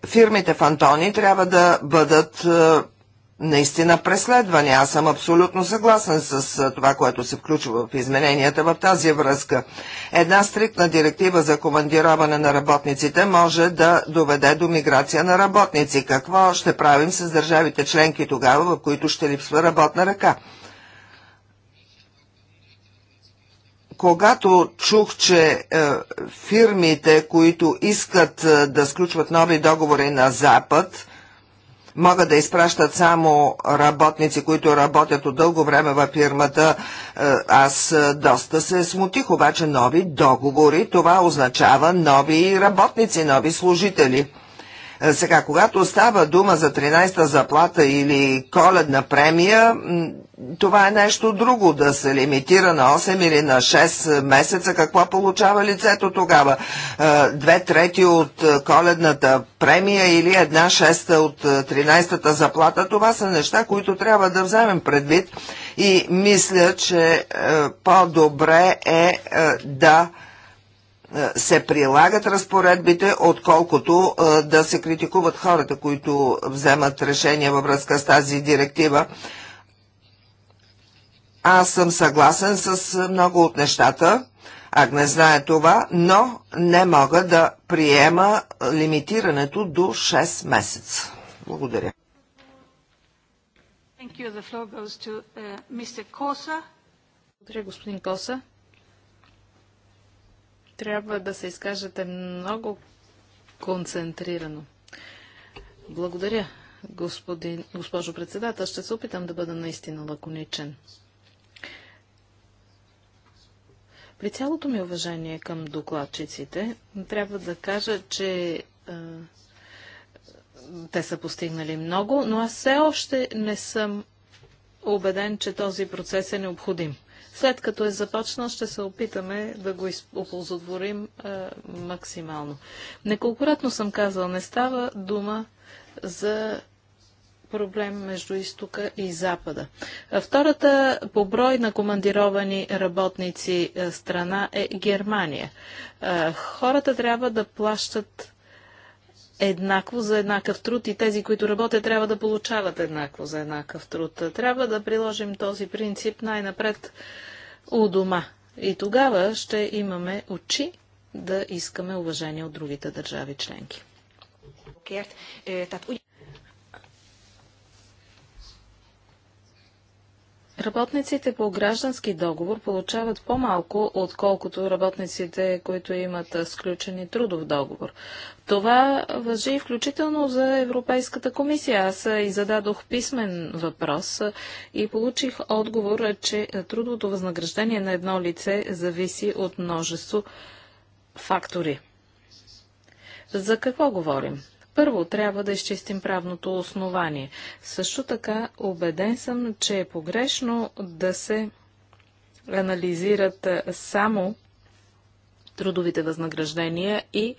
S3: фирмите фантони трябва да бъдат е, наистина преследвани. Аз съм абсолютно съгласен с е, това, което се включва в измененията в тази връзка. Една стриктна директива за командироване на работниците може да доведе до миграция на работници. Какво ще правим с държавите членки тогава, в които ще липсва работна ръка? когато чух, че е, фирмите, които искат е, да сключват нови договори на Запад, могат да изпращат само работници, които работят от дълго време във фирмата, е, аз доста се смутих, обаче нови договори, това означава нови работници, нови служители. Е, сега, когато става дума за 13-та заплата или коледна премия, това е нещо друго, да се лимитира на 8 или на 6 месеца, какво получава лицето тогава? Е, две трети от е, коледната премия или една шеста от 13-та заплата, това са неща, които трябва да вземем предвид и мисля, че по-добре е да е, се прилагат разпоредбите, отколкото е, да се критикуват хората, които вземат решения във връзка с тази директива. Аз съм съгласен с е, много от нещата, Агне знае това, но не мога да приема лимитирането до 6 месеца. Благодаря.
S1: Благодаря, господин Коса трябва да се изкажете много концентрирано. Благодаря, господин, госпожо председател. Ще се опитам да бъда наистина лаконичен. При цялото ми уважение към докладчиците, трябва да кажа, че а, те са постигнали много, но аз все още не съм убеден, че този процес е необходим. След като е започнал, ще се опитаме да го оползотворим е, максимално. Неколкократно съм казал, не става дума за проблем между изтока и запада. Втората по брой на командировани работници е, страна е Германия. Е, хората трябва да плащат еднакво за еднакъв труд и тези, които работят, трябва да получават еднакво за еднакъв труд. Трябва да приложим този принцип най-напред у дома. И тогава ще имаме очи да искаме уважение от другите държави членки. Е, Работниците по граждански договор получават по-малко, отколкото работниците, които имат сключени трудов договор. Това въжи включително за Европейската комисия. Аз и зададох писмен въпрос и получих отговор, че трудовото възнаграждение на едно лице зависи от множество фактори. За какво говорим? Първо, трябва да изчистим правното основание. Също така, убеден съм, че е погрешно да се анализират само трудовите възнаграждения и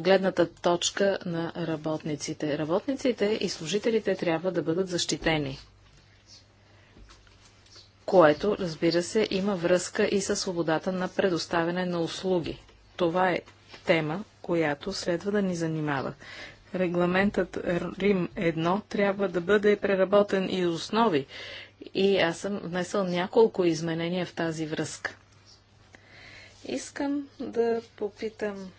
S1: гледната точка на работниците. Работниците и служителите трябва да бъдат защитени което, разбира се, има връзка и със свободата на предоставяне на услуги. Това е тема, която следва да ни занимава. Регламентът Рим 1 трябва да бъде преработен и основи. И аз съм внесъл няколко изменения в тази връзка. Искам да попитам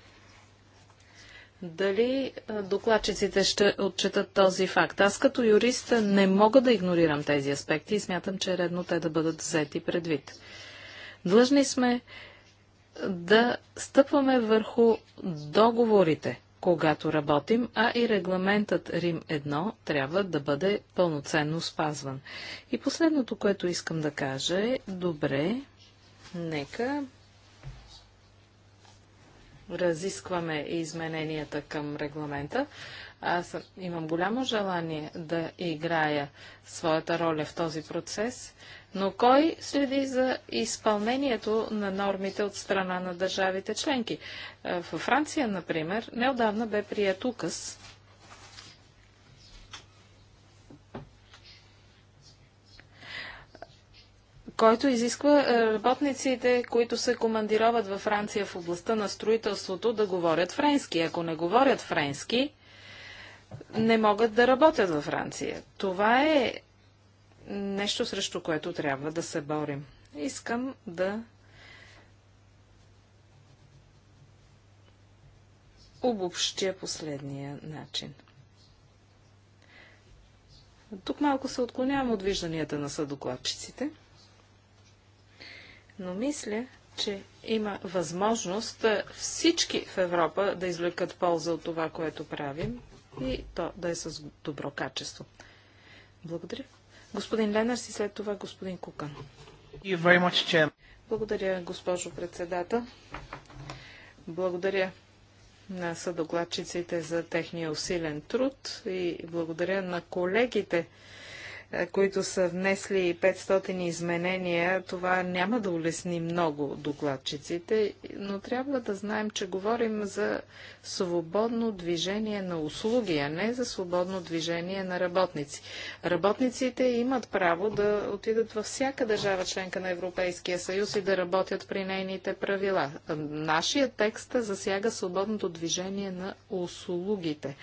S1: дали докладчиците ще отчитат този факт. Аз като юрист не мога да игнорирам тези аспекти и смятам, че е редно те да бъдат взети предвид. Длъжни сме да стъпваме върху договорите, когато работим, а и регламентът Рим 1 трябва да бъде пълноценно спазван. И последното, което искам да кажа е, добре, нека разискваме измененията към регламента. Аз имам голямо желание да играя своята роля в този процес, но кой следи за изпълнението на нормите от страна на държавите членки? Е, във Франция, например, неодавна бе прият указ, който изисква е, работниците, които се командироват във Франция в областта на строителството, да говорят френски. Ако не говорят френски, не могат да работят във Франция. Това е нещо, срещу което трябва да се борим. Искам да обобщя последния начин. Тук малко се отклонявам от вижданията на съдокладчиците – но мисля, че има възможност е, всички в Европа да извлекат полза от това, което правим и то да е с добро качество. Благодаря. Господин Ленарс и след това господин Кукан. Благодаря, госпожо председател. Благодаря на съдокладчиците за техния усилен труд и благодаря на колегите е, които са внесли 500 изменения, това няма да улесни много докладчиците, но трябва да знаем, че говорим за свободно движение на услуги, а не за свободно движение на работници. Работниците имат право да отидат във всяка държава членка на Европейския съюз и да работят при нейните правила. Нашия текст засяга свободното движение на услугите.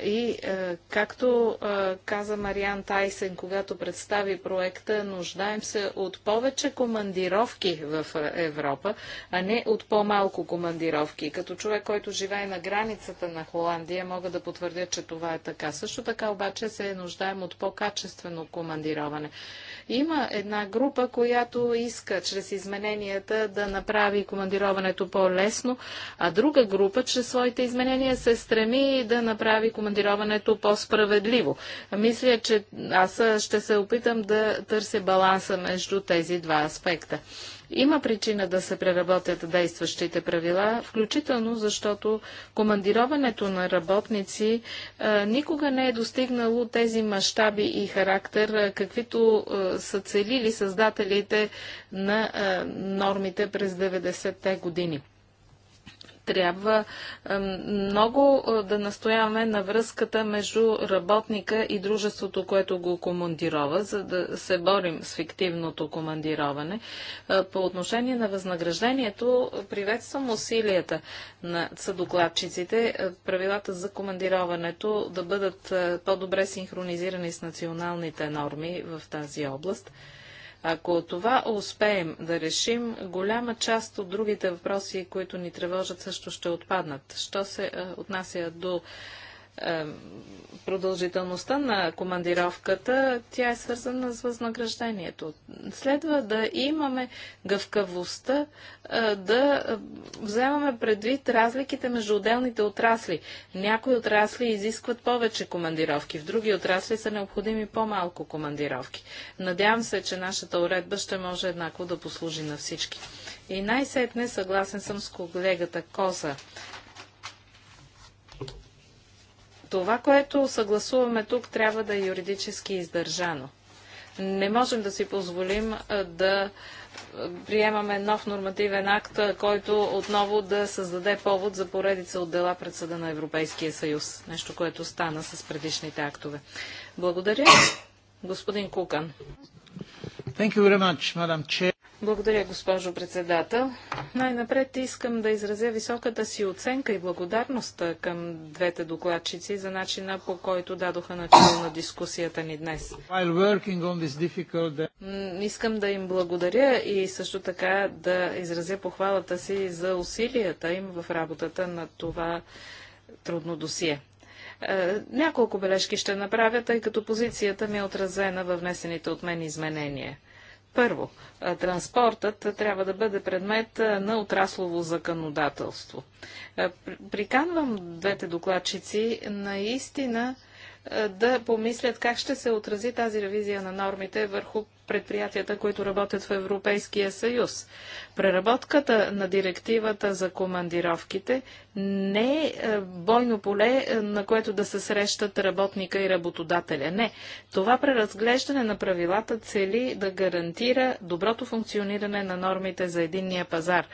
S1: И е, както е, каза Мариан Тайсен, когато представи проекта, нуждаем се от повече командировки в е, Европа, а не от по-малко командировки. Като човек, който живее на границата на Холандия, мога да потвърдя, че това е така. Също така обаче се нуждаем от по-качествено командироване. Има една група, която иска чрез измененията да направи командироването по-лесно, а друга група чрез своите изменения се стреми да направи командироването по-справедливо. Мисля, че аз ще се опитам да търся баланса между тези два аспекта. Има причина да се преработят действащите правила, включително защото командироването на работници а, е, никога не е достигнало тези мащаби и характер, а, е, каквито а, е, са целили създателите на нормите през 90-те години трябва много да настояваме на връзката между работника и дружеството, което го командирова, за да се борим с фиктивното командироване. По отношение на възнаграждението, приветствам усилията на съдокладчиците правилата за командироването да бъдат по-добре синхронизирани с националните норми в тази област. Ако това успеем да решим, голяма част от другите въпроси, които ни тревожат, също ще отпаднат. Що се отнася до продължителността на командировката, тя е свързана с възнаграждението. Следва да имаме гъвкавостта е, да е, вземаме предвид разликите между отделните отрасли. Някои отрасли изискват повече командировки, в други отрасли са необходими по-малко командировки. Надявам се, че нашата уредба ще може еднакво да послужи на всички. И най-сетне съгласен съм с колегата Коса. Това, което съгласуваме тук, трябва да е юридически издържано. Не можем да си позволим да приемаме нов нормативен акт, който отново да създаде повод за поредица от дела пред съда на Европейския съюз. Нещо, което стана с предишните актове. Благодаря. Господин Кукан. Much, благодаря, госпожо председател. Най-напред искам да изразя високата си оценка и благодарност към двете докладчици за начина по който дадоха начало на дискусията ни днес. Искам да им благодаря и също така да изразя похвалата си за усилията им в работата на това трудно досие. Е, няколко бележки ще направя, тъй като позицията ми е отразена във внесените от мен изменения. Първо, транспортът трябва да бъде предмет на отраслово законодателство. Приканвам двете докладчици наистина да помислят как ще се отрази тази ревизия на нормите върху предприятията, които работят в Европейския съюз. Преработката на директивата за командировките не е бойно поле, е, на което да се срещат работника и работодателя. Не. Това преразглеждане на правилата цели да гарантира доброто функциониране на нормите за единния пазар,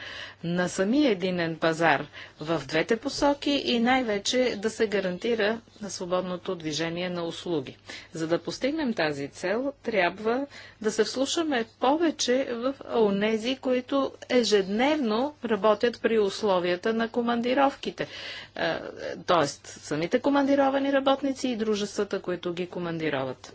S1: на самия единен пазар в двете посоки и най-вече да се гарантира на свободното движение на услуги. За да постигнем тази цел, трябва да се вслушаме повече в онези, които ежедневно работят при условията на командировка командировките. Е, тоест, самите командировани работници и дружествата, които ги командироват.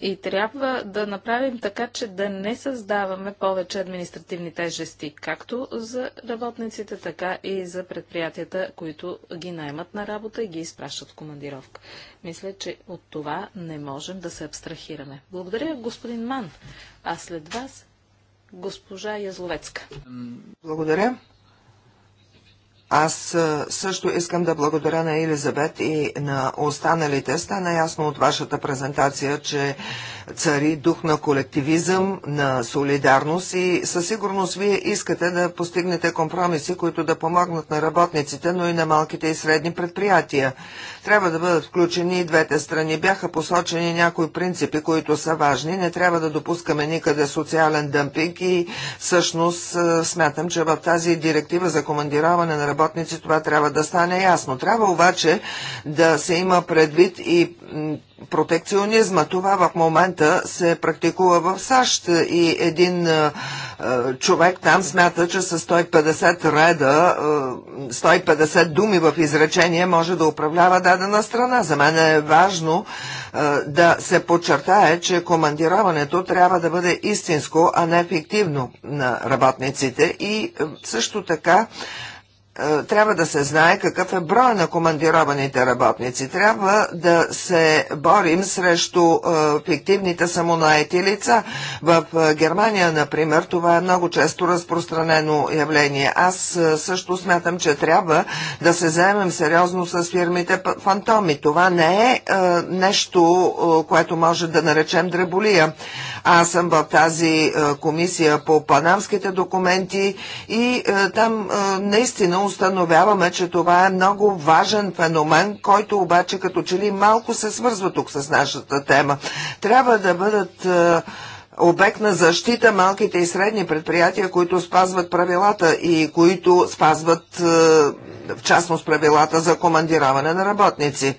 S1: И трябва да направим така, че да не създаваме повече административни тежести, както за работниците, така и за предприятията, които ги наймат на работа и ги изпращат в командировка. Мисля, че от това не можем да се абстрахираме. Благодаря, господин Ман. А след вас госпожа Язловецка.
S3: Благодаря. Аз също искам да благодаря на Елизабет и на останалите. Стана ясно от вашата презентация, че цари дух на колективизъм, на солидарност и със сигурност вие искате да постигнете компромиси, които да помогнат на работниците, но и на малките и средни предприятия. Трябва да бъдат включени и двете страни. Бяха посочени някои принципи, които са важни. Не трябва да допускаме никъде социален дъмпинг и всъщност смятам, че в тази директива за командираване на работниците работници, това трябва да стане ясно. Трябва обаче да се има предвид и протекционизма. Това в момента се практикува в САЩ и един човек там смята, че с 150 реда, 150 думи в изречение може да управлява дадена страна. За мен е важно да се подчертае, че командироването трябва да бъде истинско, а не ефективно на работниците и също така е, трябва да се знае какъв е брой на командированите работници. Трябва да се борим срещу е, фиктивните самонаети лица. В е, Германия, например, това е много често разпространено явление. Аз също смятам, че трябва да се заемем сериозно с фирмите фантоми. Това не е нещо, което може да наречем дреболия. Аз съм в тази комисия по панамските документи и там наистина установяваме, че това е много важен феномен, който обаче като че ли малко се свързва тук с нашата тема. Трябва да бъдат е, обект на защита малките и средни предприятия, които спазват правилата и които спазват е, в частност правилата за командираване на работници.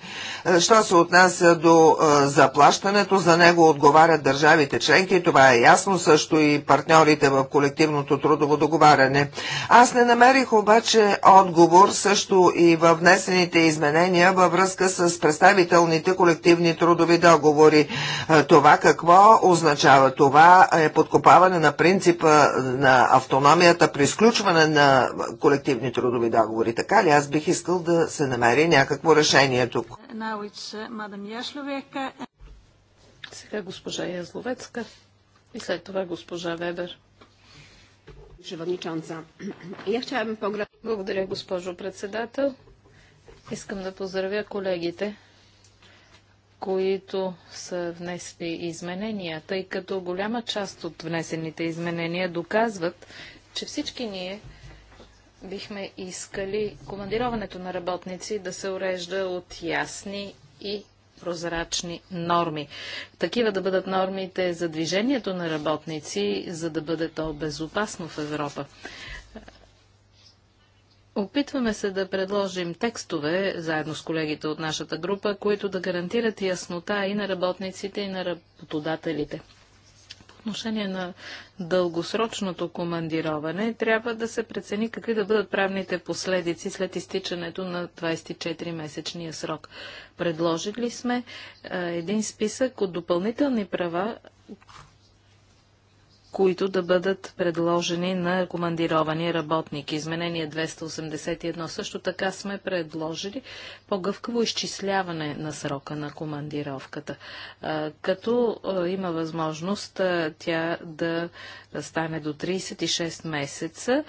S3: Е, що се отнася до е, заплащането, за него отговарят държавите членки, това е ясно също и партньорите в колективното трудово договаряне. Аз не намерих обаче отговор също и във внесените изменения във връзка с представителните колективни трудови договори. Е, това какво означава? Това е подкопаване на принципа на автономията при изключване на колективни трудови договори. Така ли? Аз бих искал да се намери някакво решение тук. Now it's Madam
S1: Сега госпожа Язловецка и след това госпожа Вебер. Благодаря, госпожо председател. Искам да поздравя колегите, които са внесли изменения, тъй като голяма част от внесените изменения доказват, че всички ние бихме искали командироването на работници да се урежда от ясни и прозрачни норми. Такива да бъдат нормите за движението на работници, за да бъде то безопасно в Европа. Опитваме се да предложим текстове, заедно с колегите от нашата група, които да гарантират яснота и на работниците, и на работодателите отношение на дългосрочното командироване трябва да се прецени какви да бъдат правните последици след изтичането на 24-месечния срок. Предложили сме един списък от допълнителни права, които да бъдат предложени на командировани работники. Изменение 281 също така сме предложили по-гъвкаво изчисляване на срока на командировката, като има възможност тя да стане до 36 месеца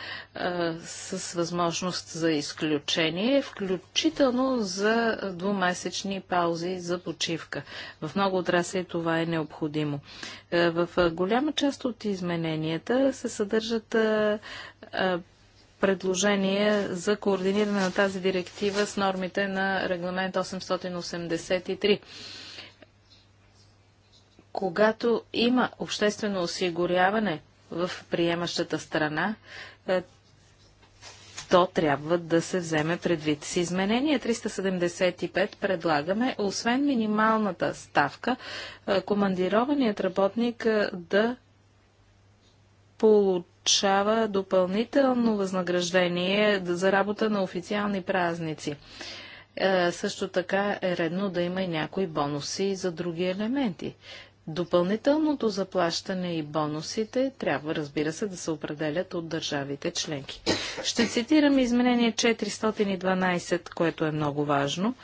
S1: с възможност за изключение, включително за двумесечни паузи за почивка. В много отрасли това е необходимо. В голяма част от измененията се съдържат а, а, предложение за координиране на тази директива с нормите на регламент 883. Когато има обществено осигуряване в приемащата страна, е, то трябва да се вземе предвид. С изменение 375 предлагаме, освен минималната ставка, е, командированият работник е, да получава допълнително възнаграждение за работа на официални празници. Е, също така е редно да има и някои бонуси за други елементи. Допълнителното заплащане и бонусите трябва, разбира се, да се определят от държавите членки. Ще цитирам изменение 412, което е много важно.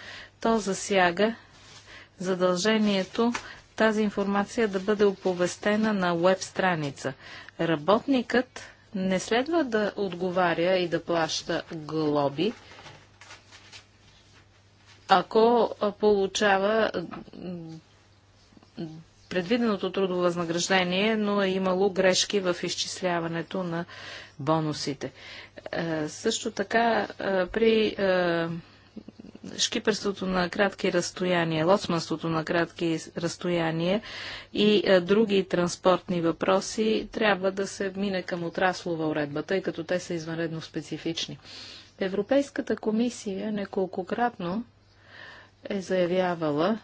S1: То засяга задължението тази информация да бъде оповестена на веб страница. Работникът не следва да отговаря и да плаща глоби, ако получава предвиденото трудово възнаграждение, но е имало грешки в изчисляването на бонусите. Е, също така е, при е, шкиперството на кратки разстояния, лоцманството на кратки разстояния и е, други транспортни въпроси трябва да се мине към отраслова уредба, тъй като те са извънредно специфични. Европейската комисия неколкократно е заявявала,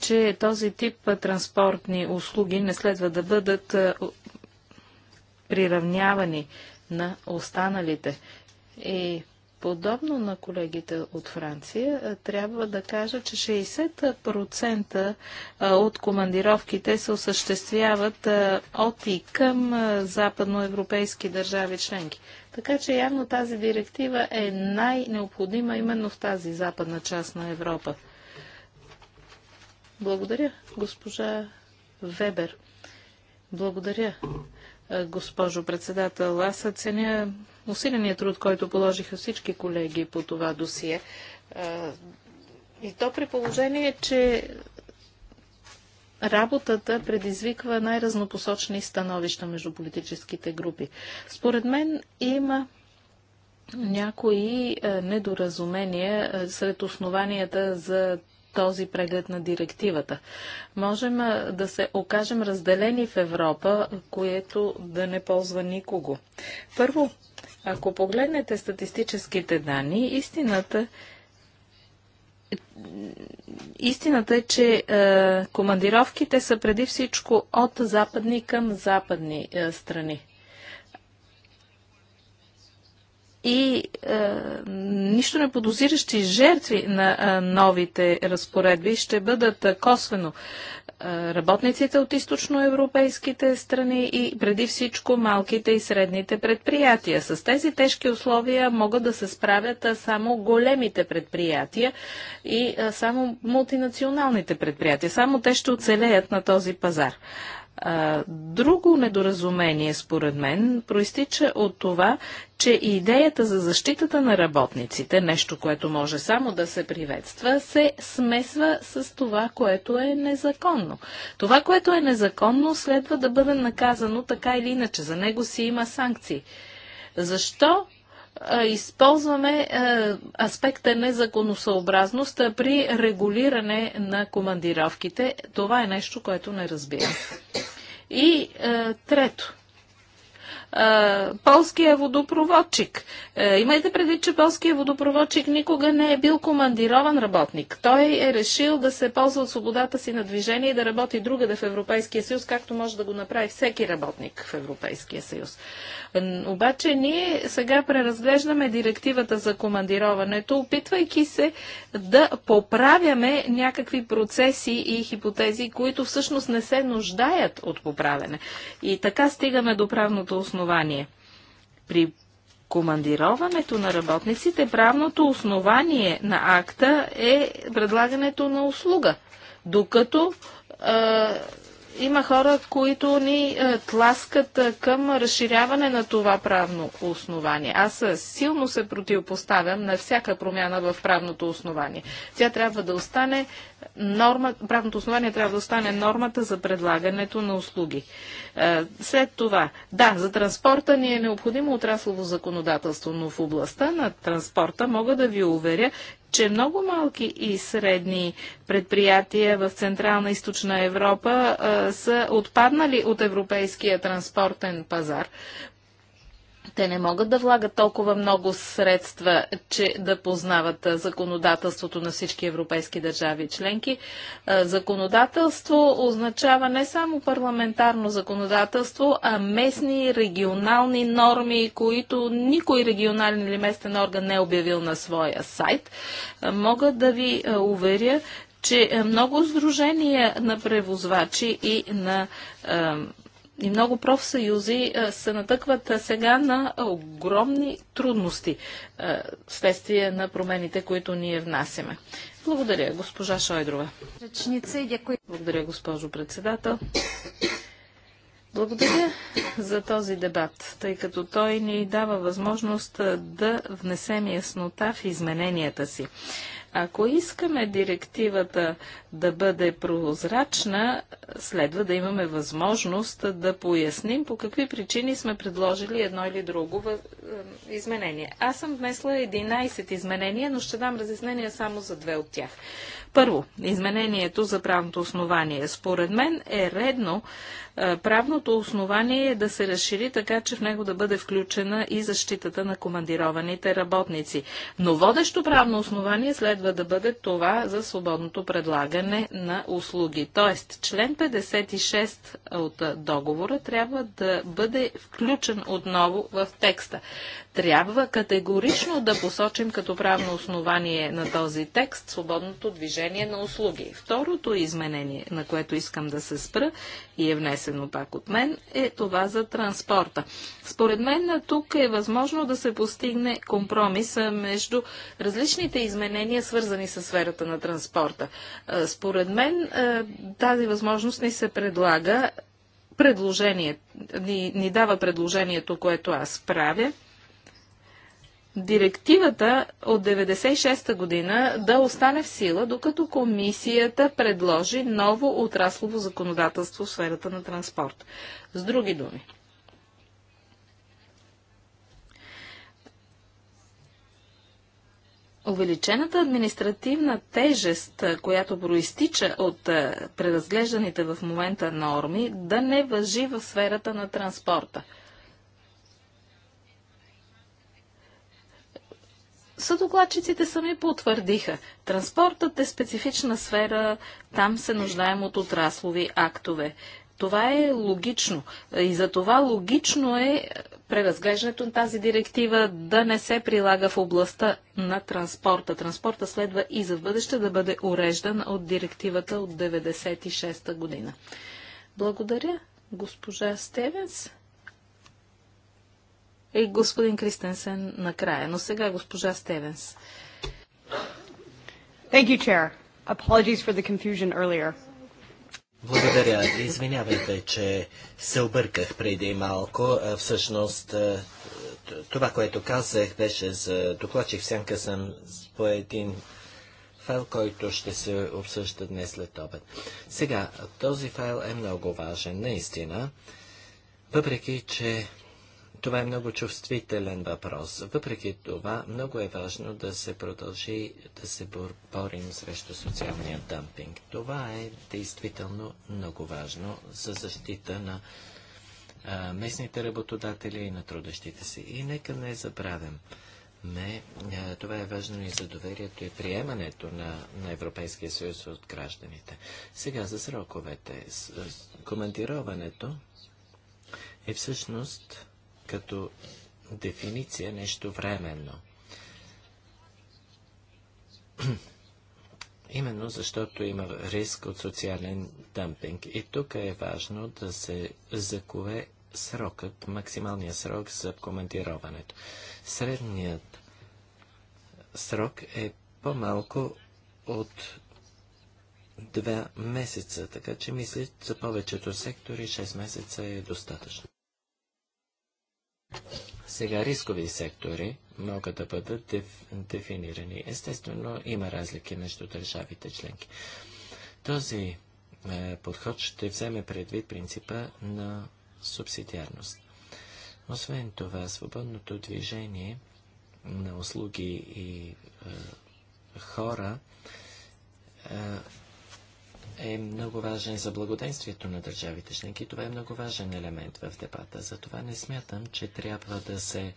S1: че този тип транспортни услуги не следва да бъдат е, приравнявани на останалите. И Подобно на колегите от Франция, е, трябва да кажа, че 60% е, от командировките се осъществяват е, от и към западноевропейски държави членки. Така че явно тази директива е най-необходима именно в тази западна част на Европа. Благодаря, госпожа Вебер. Благодаря, госпожо председател. Аз оценя усиления труд, който положиха всички колеги по това досие. И то при положение, че работата предизвиква най-разнопосочни становища между политическите групи. Според мен има някои недоразумения сред основанията за този преглед на директивата. Можем да се окажем разделени в Европа, което да не ползва никого. Първо, ако погледнете статистическите данни, истината Истината е, че е, командировките са преди всичко от западни към западни е, страни. И е, нищо не подозиращи жертви на е, новите разпоредби ще бъдат косвено работниците от източноевропейските страни и преди всичко малките и средните предприятия. С тези тежки условия могат да се справят само големите предприятия и само мултинационалните предприятия. Само те ще оцелеят на този пазар. Друго недоразумение, според мен, проистича от това, че идеята за защитата на работниците, нещо, което може само да се приветства, се смесва с това, което е незаконно. Това, което е незаконно, следва да бъде наказано така или иначе. За него си има санкции. Защо използваме аспекта незаконосъобразност при регулиране на командировките. Това е нещо, което не разбирам. И трето. Полския водопроводчик. Имайте предвид, че полския водопроводчик никога не е бил командирован работник. Той е решил да се ползва от свободата си на движение и да работи другаде в Европейския съюз, както може да го направи всеки работник в Европейския съюз. Обаче ние сега преразглеждаме директивата за командироването, опитвайки се да поправяме някакви процеси и хипотези, които всъщност не се нуждаят от поправене. И така стигаме до правното основание. При командироването на работниците, правното основание на акта е предлагането на услуга, докато има хора, които ни е, тласкат е, към разширяване на това правно основание. Аз е, силно се противопоставям на всяка промяна в правното основание. Тя трябва да остане норма, правното основание трябва да остане нормата за предлагането на услуги. След това, да, за транспорта ни е необходимо отраслово законодателство, но в областта на транспорта мога да ви уверя, че много малки и средни предприятия в Централна и Източна Европа а, са отпаднали от европейския транспортен пазар те не могат да влагат толкова много средства, че да познават законодателството на всички европейски държави членки. Законодателство означава не само парламентарно законодателство, а местни, регионални норми, които никой регионален или местен орган не е обявил на своя сайт. Мога да ви уверя, че много сдружения на превозвачи и на и много профсъюзи се натъкват сега на огромни трудности вследствие на промените, които ние внасяме. Благодаря, госпожа Шойдрова. Благодаря, госпожо председател. Благодаря за този дебат, тъй като той ни дава възможност да внесем яснота в измененията си. Ако искаме директивата да бъде прозрачна, следва да имаме възможност да поясним по какви причини сме предложили едно или друго е, изменение. Аз съм внесла 11 изменения, но ще дам разяснения само за две от тях. Първо, изменението за правното основание. Според мен е редно е, правното основание е да се разшири така, че в него да бъде включена и защитата на командированите работници. Но водещо правно основание следва да бъде това за свободното предлагане на услуги. Тоест, член 56 от договора трябва да бъде включен отново в текста трябва категорично да посочим като правно основание на този текст свободното движение на услуги. Второто изменение, на което искам да се спра и е внесено пак от мен, е това за транспорта. Според мен тук е възможно да се постигне компромиса между различните изменения, свързани с сферата на транспорта. Е, според мен е, тази възможност ни се предлага предложение, ни, ни дава предложението, което аз правя директивата от 96-та година да остане в сила, докато комисията предложи ново отраслово законодателство в сферата на транспорт. С други думи, Увеличената административна тежест, която проистича от преразглежданите в момента норми, да не въжи в сферата на транспорта – Съдокладчиците сами потвърдиха. Транспортът е специфична сфера, там се нуждаем от отраслови актове. Това е логично. И за това логично е преразглеждането на тази директива да не се прилага в областта на транспорта. Транспорта следва и за бъдеще да бъде уреждан от директивата от 1996 година. Благодаря, госпожа Стевенс и господин Кристенсен накрая. Но сега госпожа Стевенс. Thank you, Chair. Apologies for the confusion earlier.
S2: Благодаря. Извинявайте, че се обърках преди малко. Всъщност, това, което казах, беше за докладчик сянка съм по един файл, който ще се обсъжда днес след обед. Сега, този файл е много важен, наистина, въпреки, че това е много чувствителен въпрос. Въпреки това, много е важно да се продължи да се борим срещу социалния дампинг. Това е действително много важно за защита на а, местните работодатели и на трудещите си. И нека не забравям. Не, това е важно и за доверието и приемането на, на Европейския съюз от гражданите. Сега за сроковете. С, с командироването е всъщност като дефиниция нещо временно. Именно защото има риск от социален дъмпинг. И тук е важно да се закове срокът, максималният срок за командироването. Средният срок е по-малко от два месеца, така че мисля за повечето сектори 6 месеца е достатъчно. Сега рискови сектори могат да бъдат деф, дефинирани. Естествено, има разлики между държавите членки. Този е, подход ще вземе предвид принципа на субсидиарност. Освен това, свободното движение на услуги и е, хора е, е много важен за благоденствието на държавите членки. Това е много важен елемент в дебата. Затова не смятам, че трябва да се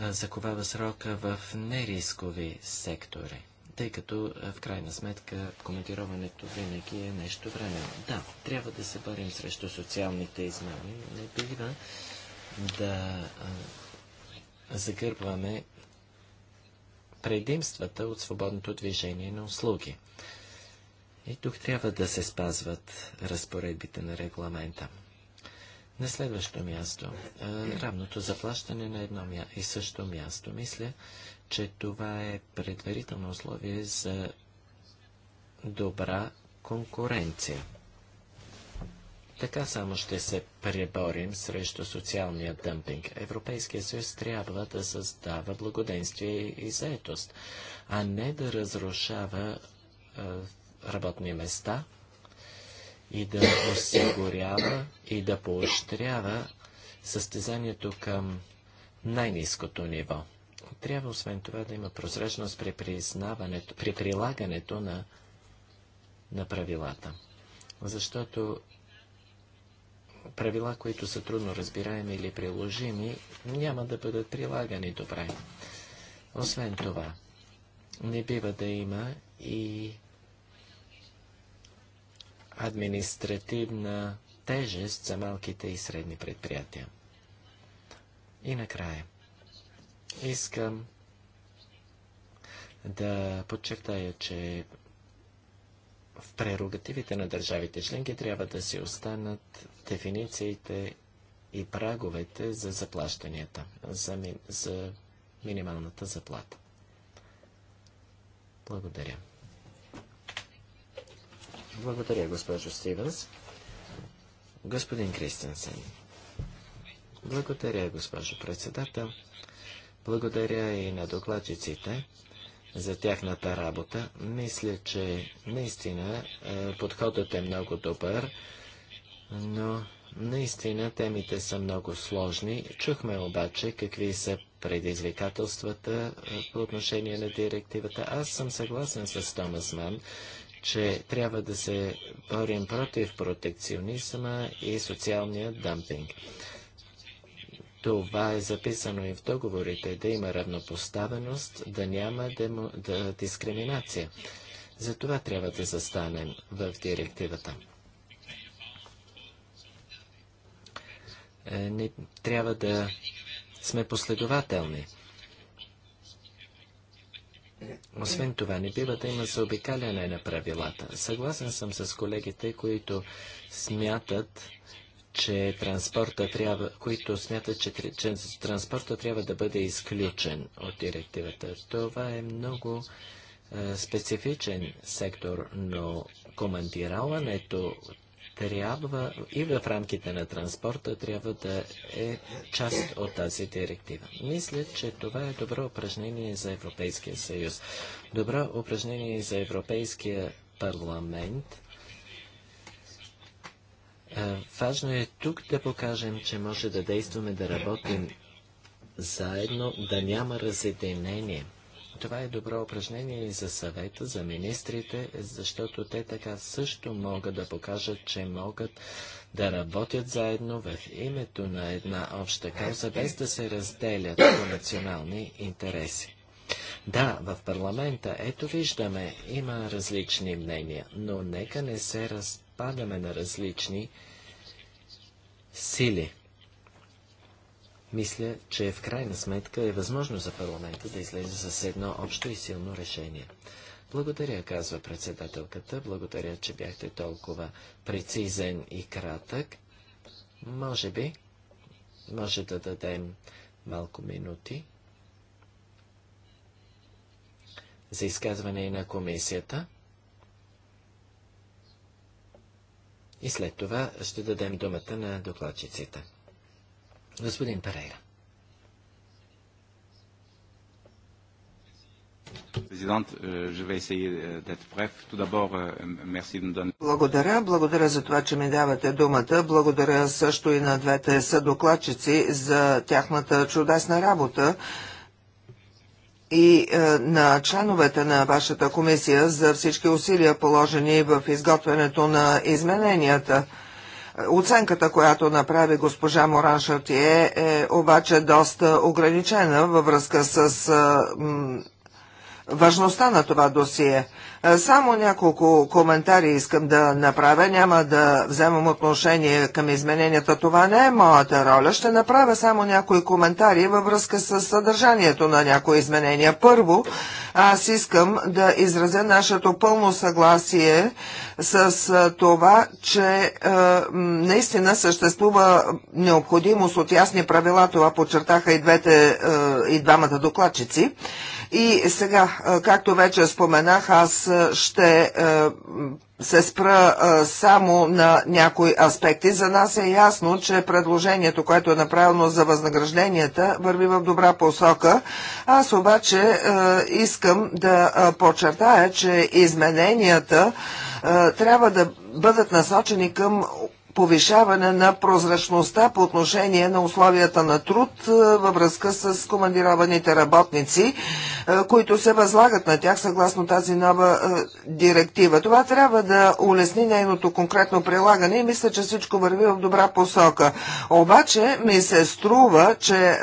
S2: заковава срока в нерискови сектори, тъй като в крайна сметка коментироването винаги е нещо времено. Да, трябва да се борим срещу социалните измами. Не бива да загърбваме предимствата от свободното движение на услуги. И е, тук трябва да се спазват разпоредбите на регламента. На следващо място, е, равното заплащане на едно и също място. Мисля, че това е предварително условие за добра конкуренция. Така само ще се преборим срещу социалния дъмпинг. Европейския съюз трябва да създава благоденствие и заетост, а не да разрушава е, работни места и да осигурява и да поощрява състезанието към най-низкото ниво. Трябва освен това да има прозрачност при, признаването, при прилагането на, на правилата. Защото правила, които са трудно разбираеми или приложими, няма да бъдат прилагани добре. Освен това, не бива да има и административна тежест за малките и средни предприятия. И накрая. Искам да подчертая, че в прерогативите на държавите членки трябва да си останат дефинициите и праговете за заплащанията, за, ми, за минималната заплата. Благодаря. Благодаря, госпожо Стивенс. Господин Кристенсен. Благодаря, госпожо председател. Благодаря и на докладчиците за тяхната работа. Мисля, че наистина е, подходът е много добър, но наистина темите са много сложни. Чухме обаче какви са предизвикателствата е, по отношение на директивата. Аз съм съгласен с Томас Ман, че трябва да се борим против протекционизма и социалния дампинг. Това е записано и в договорите, да има равнопоставеност, да няма демо, да, дискриминация. За това трябва да застанем в директивата. не трябва да сме последователни. Освен това, не бива да има заобикаляне на правилата. Съгласен съм с колегите, които смятат, че транспорта трябва, които смятат, че, че транспорта трябва да бъде изключен от директивата. Това е много е, специфичен сектор, но командироването трябва и в рамките на транспорта трябва да е част от тази директива. Мисля, че това е добро упражнение за Европейския съюз. Добро упражнение за Европейския парламент. Важно е тук да покажем, че може да действаме, да работим заедно, да няма разединение – това е добро упражнение и за съвета, за министрите, защото те така също могат да покажат, че могат да работят заедно в името на една обща кауза, без да се разделят по национални интереси. Да, в парламента, ето виждаме, има различни мнения, но нека не се разпадаме на различни сили. Мисля, че в крайна сметка е възможно за парламента да излезе с едно общо и силно решение. Благодаря, казва председателката. Благодаря, че бяхте толкова прецизен и кратък. Може би, може да дадем малко минути за изказване и на комисията. И след това ще дадем думата на докладчиците. Господин Перейра.
S1: Е, е, е,
S3: благодаря, благодаря за това, че ми давате думата. Благодаря също и на двете съдокладчици за тяхната чудесна работа и на членовете на вашата комисия за всички усилия положени в изготвянето на измененията. Оценката, която направи госпожа Моран Шартие е обаче доста ограничена във връзка с важността на това досие. Е, само няколко коментари искам да направя. Няма да вземам отношение към измененията. Това не е моята роля. Ще направя само някои коментари във връзка с съдържанието на някои изменения. Първо, аз искам да изразя нашето пълно съгласие с е, това, че е, наистина съществува необходимост от ясни правила. Това подчертаха и, двете, е, и двамата докладчици. И сега, е, както вече споменах, аз ще се спра само на някои аспекти. За нас е ясно, че предложението, което е направено за възнагражденията, върви в добра посока. Аз обаче искам да подчертая, че измененията трябва да бъдат насочени към повишаване на прозрачността по отношение на условията на труд е, във връзка с командированите работници, е, които се възлагат на тях съгласно тази нова е, директива. Това трябва да улесни нейното конкретно прилагане и мисля, че всичко върви в добра посока. Обаче ми се струва, че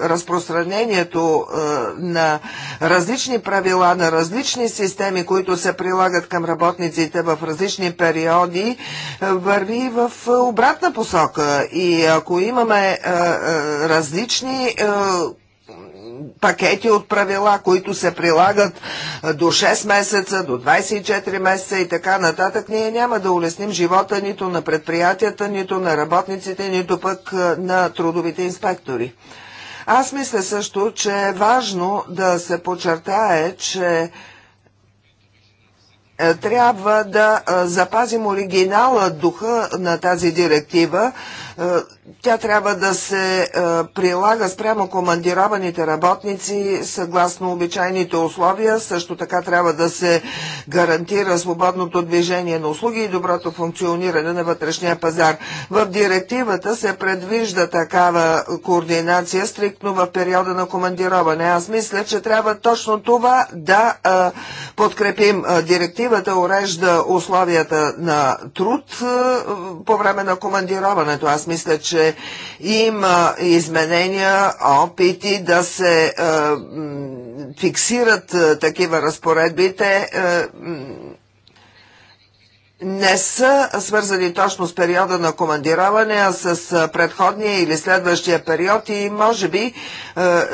S3: разпространението е, на различни правила, на различни системи, които се прилагат към работниците в различни периоди, е, върви в е, обратна посока. И ако имаме различни пакети от правила, които се прилагат до 6 месеца, до 24 месеца и така нататък, ние няма да улесним живота нито на предприятията, нито на работниците, нито пък на трудовите инспектори. Аз мисля също, че е важно да се подчертае, че е, трябва да е, запазим оригинала духа на тази директива, е, тя трябва да се е, прилага спрямо командированите работници съгласно обичайните условия. Също така трябва да се гарантира свободното движение на услуги и доброто функциониране на вътрешния пазар. В директивата се предвижда такава координация стриктно в периода на командироване. Аз мисля, че трябва точно това да е, подкрепим. Директивата урежда условията на труд по време на командироването. Аз аз мисля, че има изменения, опити да се е, фиксират е, такива разпоредбите. Е, не са свързани точно с периода на командироване, а с предходния или следващия период и може би е,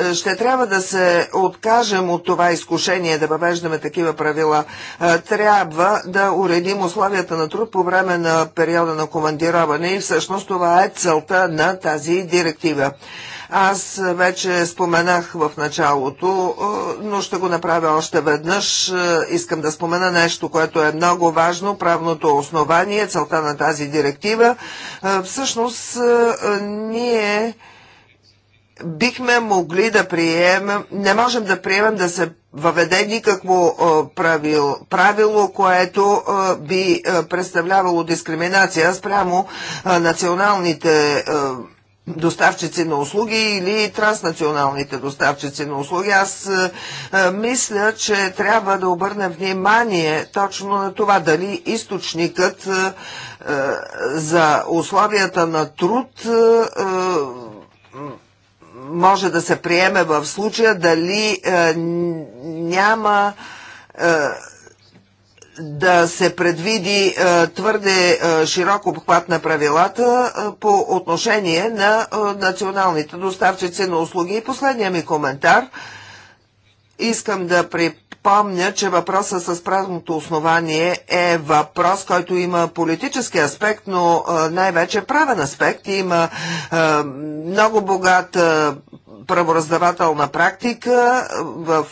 S3: е, ще трябва да се откажем от това изкушение да въвеждаме такива правила. Е, трябва да уредим условията на труд по време на периода на командироване и всъщност това е целта на тази директива. Аз вече споменах в началото, но ще го направя още веднъж. Искам да спомена нещо, което е много важно. Правното основание, целта на тази директива. Всъщност, ние бихме могли да приемем, не можем да приемем да се въведе никакво правило, правило което би представлявало дискриминация спрямо националните доставчици на услуги или транснационалните доставчици на услуги. Аз е, е, мисля, че трябва да обърне внимание точно на това дали източникът е, за условията на труд може да се приеме в случая дали няма да се предвиди е, твърде е, широк обхват на правилата е, по отношение на националните доставчици на услуги. И последния ми коментар. Искам да припомня, че въпроса с правното основание е въпрос, който има политически аспект, но най-вече правен аспект. Има много богат правораздавателна практика в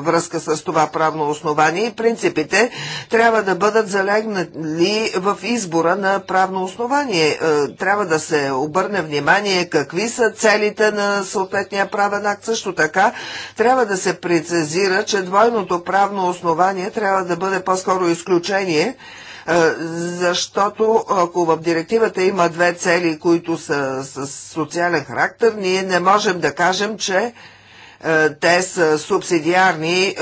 S3: връзка с това правно основание и принципите трябва да бъдат залегнали в избора на правно основание. Трябва да се обърне внимание какви са целите на съответния правен акт. Също така трябва да се прецизира, че двойното правно основание трябва да бъде по-скоро изключение, е, защото ако в директивата има две цели, които са с социален характер, ние не можем да кажем, че е, те са субсидиарни е,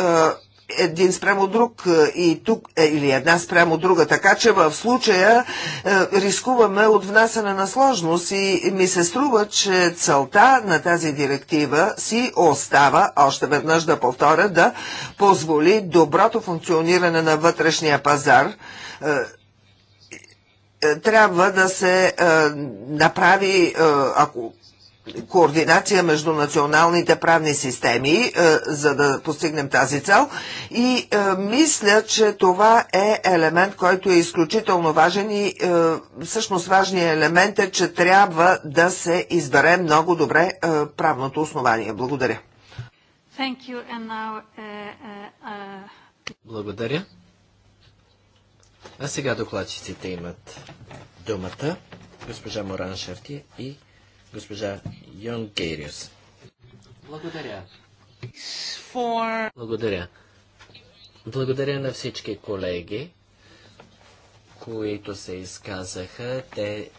S3: един спрямо друг е, и тук, е, или една спрямо друга. Така че в случая е, рискуваме от внасяне на сложност и ми се струва, че целта на тази директива си остава, още веднъж да повторя, да позволи доброто функциониране на вътрешния пазар трябва да се направи, ако координация между националните правни системи, е, за да постигнем тази цел. И е, мисля, че това е елемент, който е изключително важен и е, всъщност важният елемент е, че трябва да се избере много добре правното основание. Благодаря.
S1: Now, uh, uh...
S3: Благодаря. А сега докладчиците
S2: имат думата. Госпожа Моран Шарти и Госпожа Йонгериус. Благодаря. For... Благодаря. Благодаря на всички колеги, които се изказаха. Те е,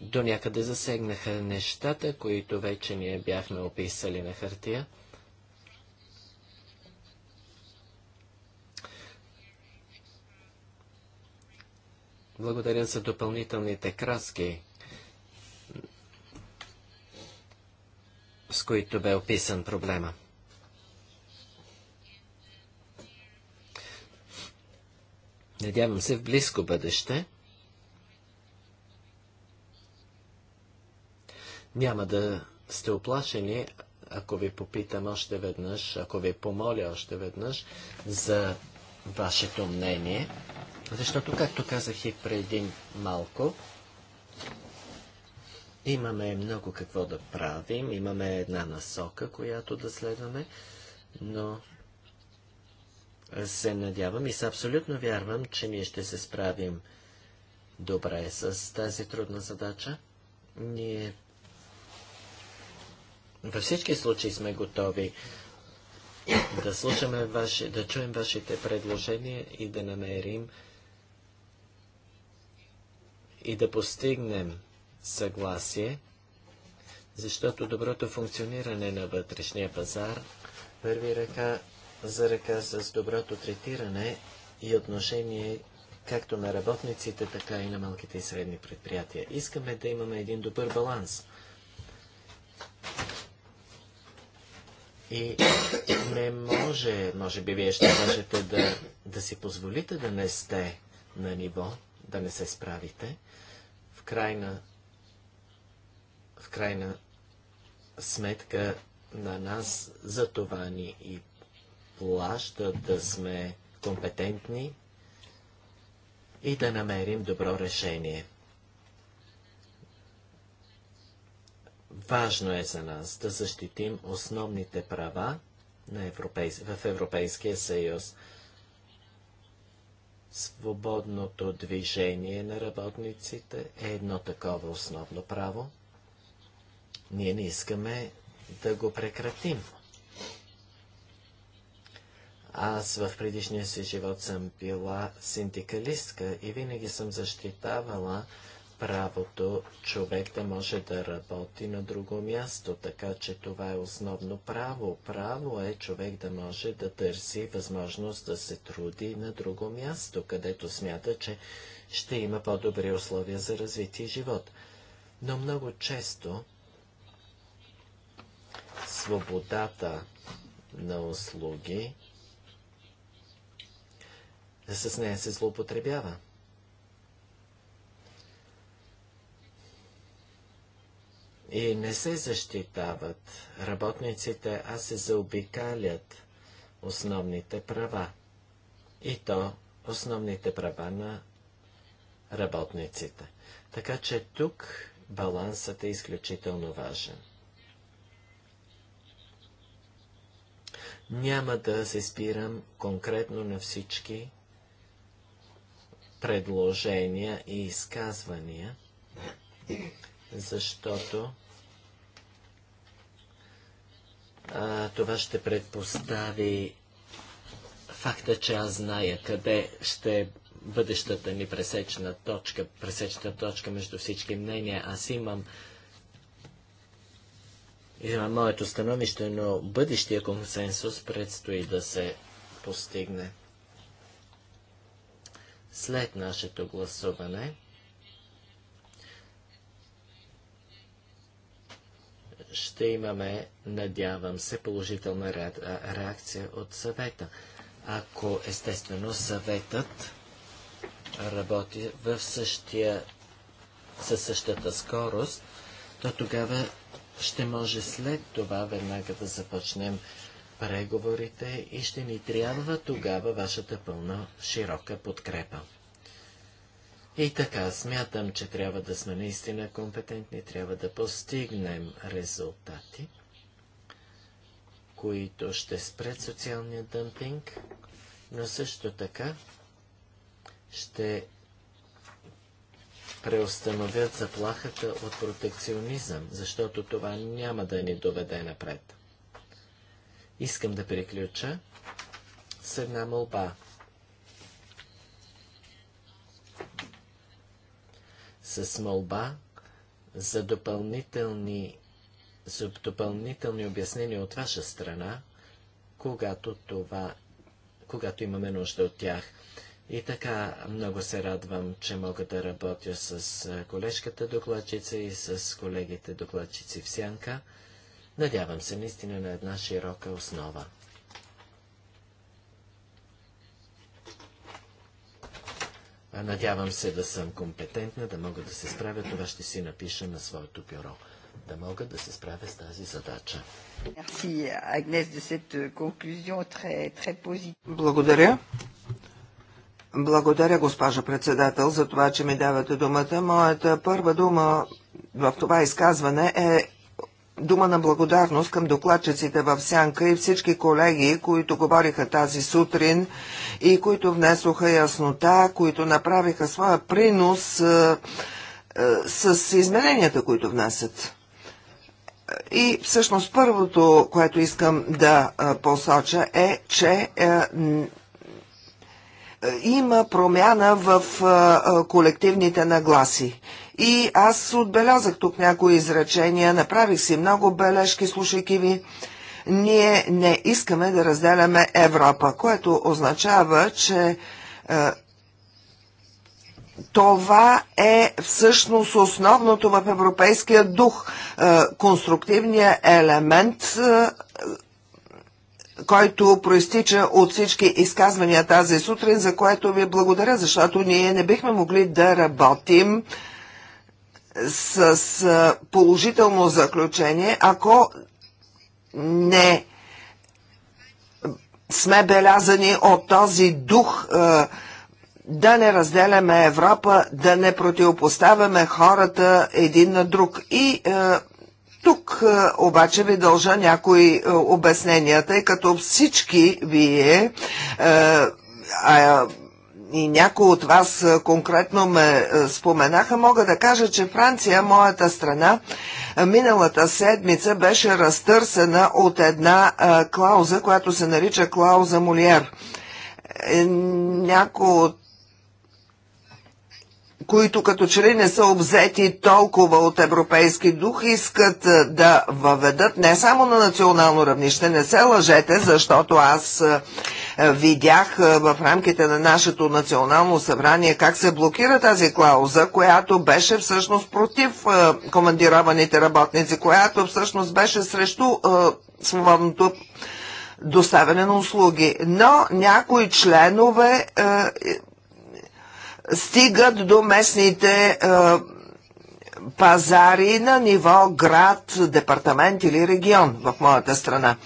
S2: до някъде засегнаха нещата, които вече ние бяхме описали на хартия. Благодаря за допълнителните краски. с които бе описан проблема. Надявам се в близко бъдеще няма да сте оплашени, ако ви попитам още веднъж, ако ви помоля още веднъж за вашето мнение, защото, както казах и преди малко, Имаме много какво да правим, имаме една насока, която да следваме, но се надявам и се абсолютно вярвам, че ние ще се справим добре с тази трудна задача. Ние във всички случаи сме готови да слушаме ваши, да чуем вашите предложения и да намерим и да постигнем съгласие, защото доброто функциониране на вътрешния пазар върви ръка за ръка с доброто третиране и отношение както на работниците, така и на малките и средни предприятия. Искаме да имаме един добър баланс. И не може, може би вие ще можете да, да си позволите да не сте на ниво, да не се справите. В крайна в крайна сметка на нас за това ни и плаща да сме компетентни и да намерим добро решение. Важно е за нас да защитим основните права на Европейс... в Европейския съюз. Свободното движение на работниците е едно такова основно право. Ние не искаме да го прекратим. Аз в предишния си живот съм била синдикалистка и винаги съм защитавала правото човек да може да работи на друго място, така че това е основно право. Право е човек да може да търси възможност да се труди на друго място, където смята, че ще има по-добри условия за развитие и живот. Но много често свободата на услуги, с нея се злоупотребява. И не се защитават работниците, а се заобикалят основните права. И то основните права на работниците. Така че тук балансът е изключително важен. Няма да се спирам конкретно на всички предложения и изказвания, защото а, това ще предпостави факта, че аз зная къде ще е бъдещата ни пресечна точка, пресечна точка между всички мнения. Аз имам има моето становище, но бъдещия консенсус предстои да се постигне. След нашето гласуване ще имаме, надявам се, положителна реакция от съвета. Ако, естествено, съветът работи в същия, със същата скорост, то тогава ще може след това веднага да започнем преговорите и ще ни трябва тогава вашата пълна широка подкрепа. И така, смятам, че трябва да сме наистина компетентни, трябва да постигнем резултати, които ще спред социалния дъмпинг, но също така ще преустановят заплахата от протекционизъм, защото това няма да ни доведе напред. Искам да приключа с една мълба. С мълба за допълнителни, за допълнителни обяснения от ваша страна, когато, това, когато имаме нужда от тях. И така много се радвам, че мога да работя с колежката докладчица и с колегите докладчици в Сянка. Надявам се наистина на една широка основа. Надявам се да съм компетентна, да мога да се справя. Това ще си напиша на своето бюро. Да мога да се справя с тази задача.
S3: Благодаря. Благодаря, госпожо председател, за това, че ми давате думата. Моята първа дума в това изказване е дума на благодарност към докладчиците в Сянка и всички колеги, които говориха тази сутрин и които внесоха яснота, които направиха своя принос е, е, с измененията, които внасят. И всъщност първото, което искам да е, посоча е, че е, има промяна в колективните нагласи. И аз отбелязах тук някои изречения, направих си много бележки, слушайки ви. Ние не искаме да разделяме Европа, което означава, че е, това е всъщност основното в европейския дух. Е, конструктивният елемент който проистича от всички изказвания тази сутрин, за което ви благодаря, защото ние не бихме могли да работим с положително заключение, ако не сме белязани от този дух да не разделяме Европа, да не противопоставяме хората един на друг. И тук е, обаче ви дължа някои е, обяснения, тъй като всички вие е, а, и някои от вас конкретно ме споменаха, мога да кажа, че Франция, моята страна, миналата седмица беше разтърсена от една клауза, която се нарича клауза Молиер. Някои от които като че ли не са обзети толкова от европейски дух, искат да въведат не само на национално равнище, не се лъжете, защото аз видях в рамките на нашето национално събрание как се блокира тази клауза, която беше всъщност против командированите работници, която всъщност беше срещу свободното доставяне на услуги. Но някои членове стигат до местните е, пазари на ниво град, департамент или регион в моята страна.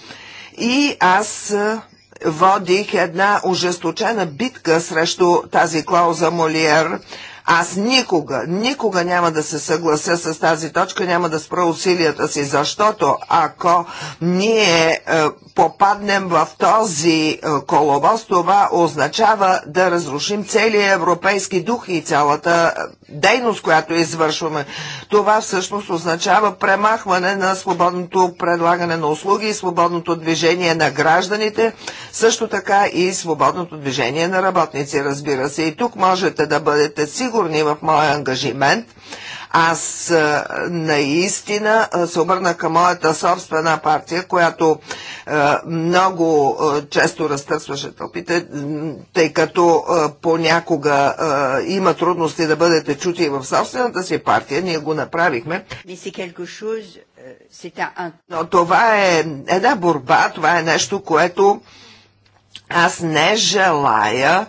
S3: И аз е, водих една ужесточена битка срещу тази клауза Молиер, аз никога, никога няма да се съглася с тази точка, няма да спра усилията си, защото ако ние е, попаднем в този е, коловоз, това означава да разрушим целия европейски дух и цялата е, дейност, която извършваме. Това всъщност означава премахване на свободното предлагане на услуги и свободното движение на гражданите, също така и свободното движение на работници, разбира се. И тук можете да бъдете сигурни, сигурни в моя ангажимент. Аз наистина се обърна към моята собствена партия, която много често разтърсваше тълпите, тъй като понякога има трудности да бъдете чути в собствената си партия. Ние го направихме. Euh, Но това е една борба, това е нещо, което аз не желая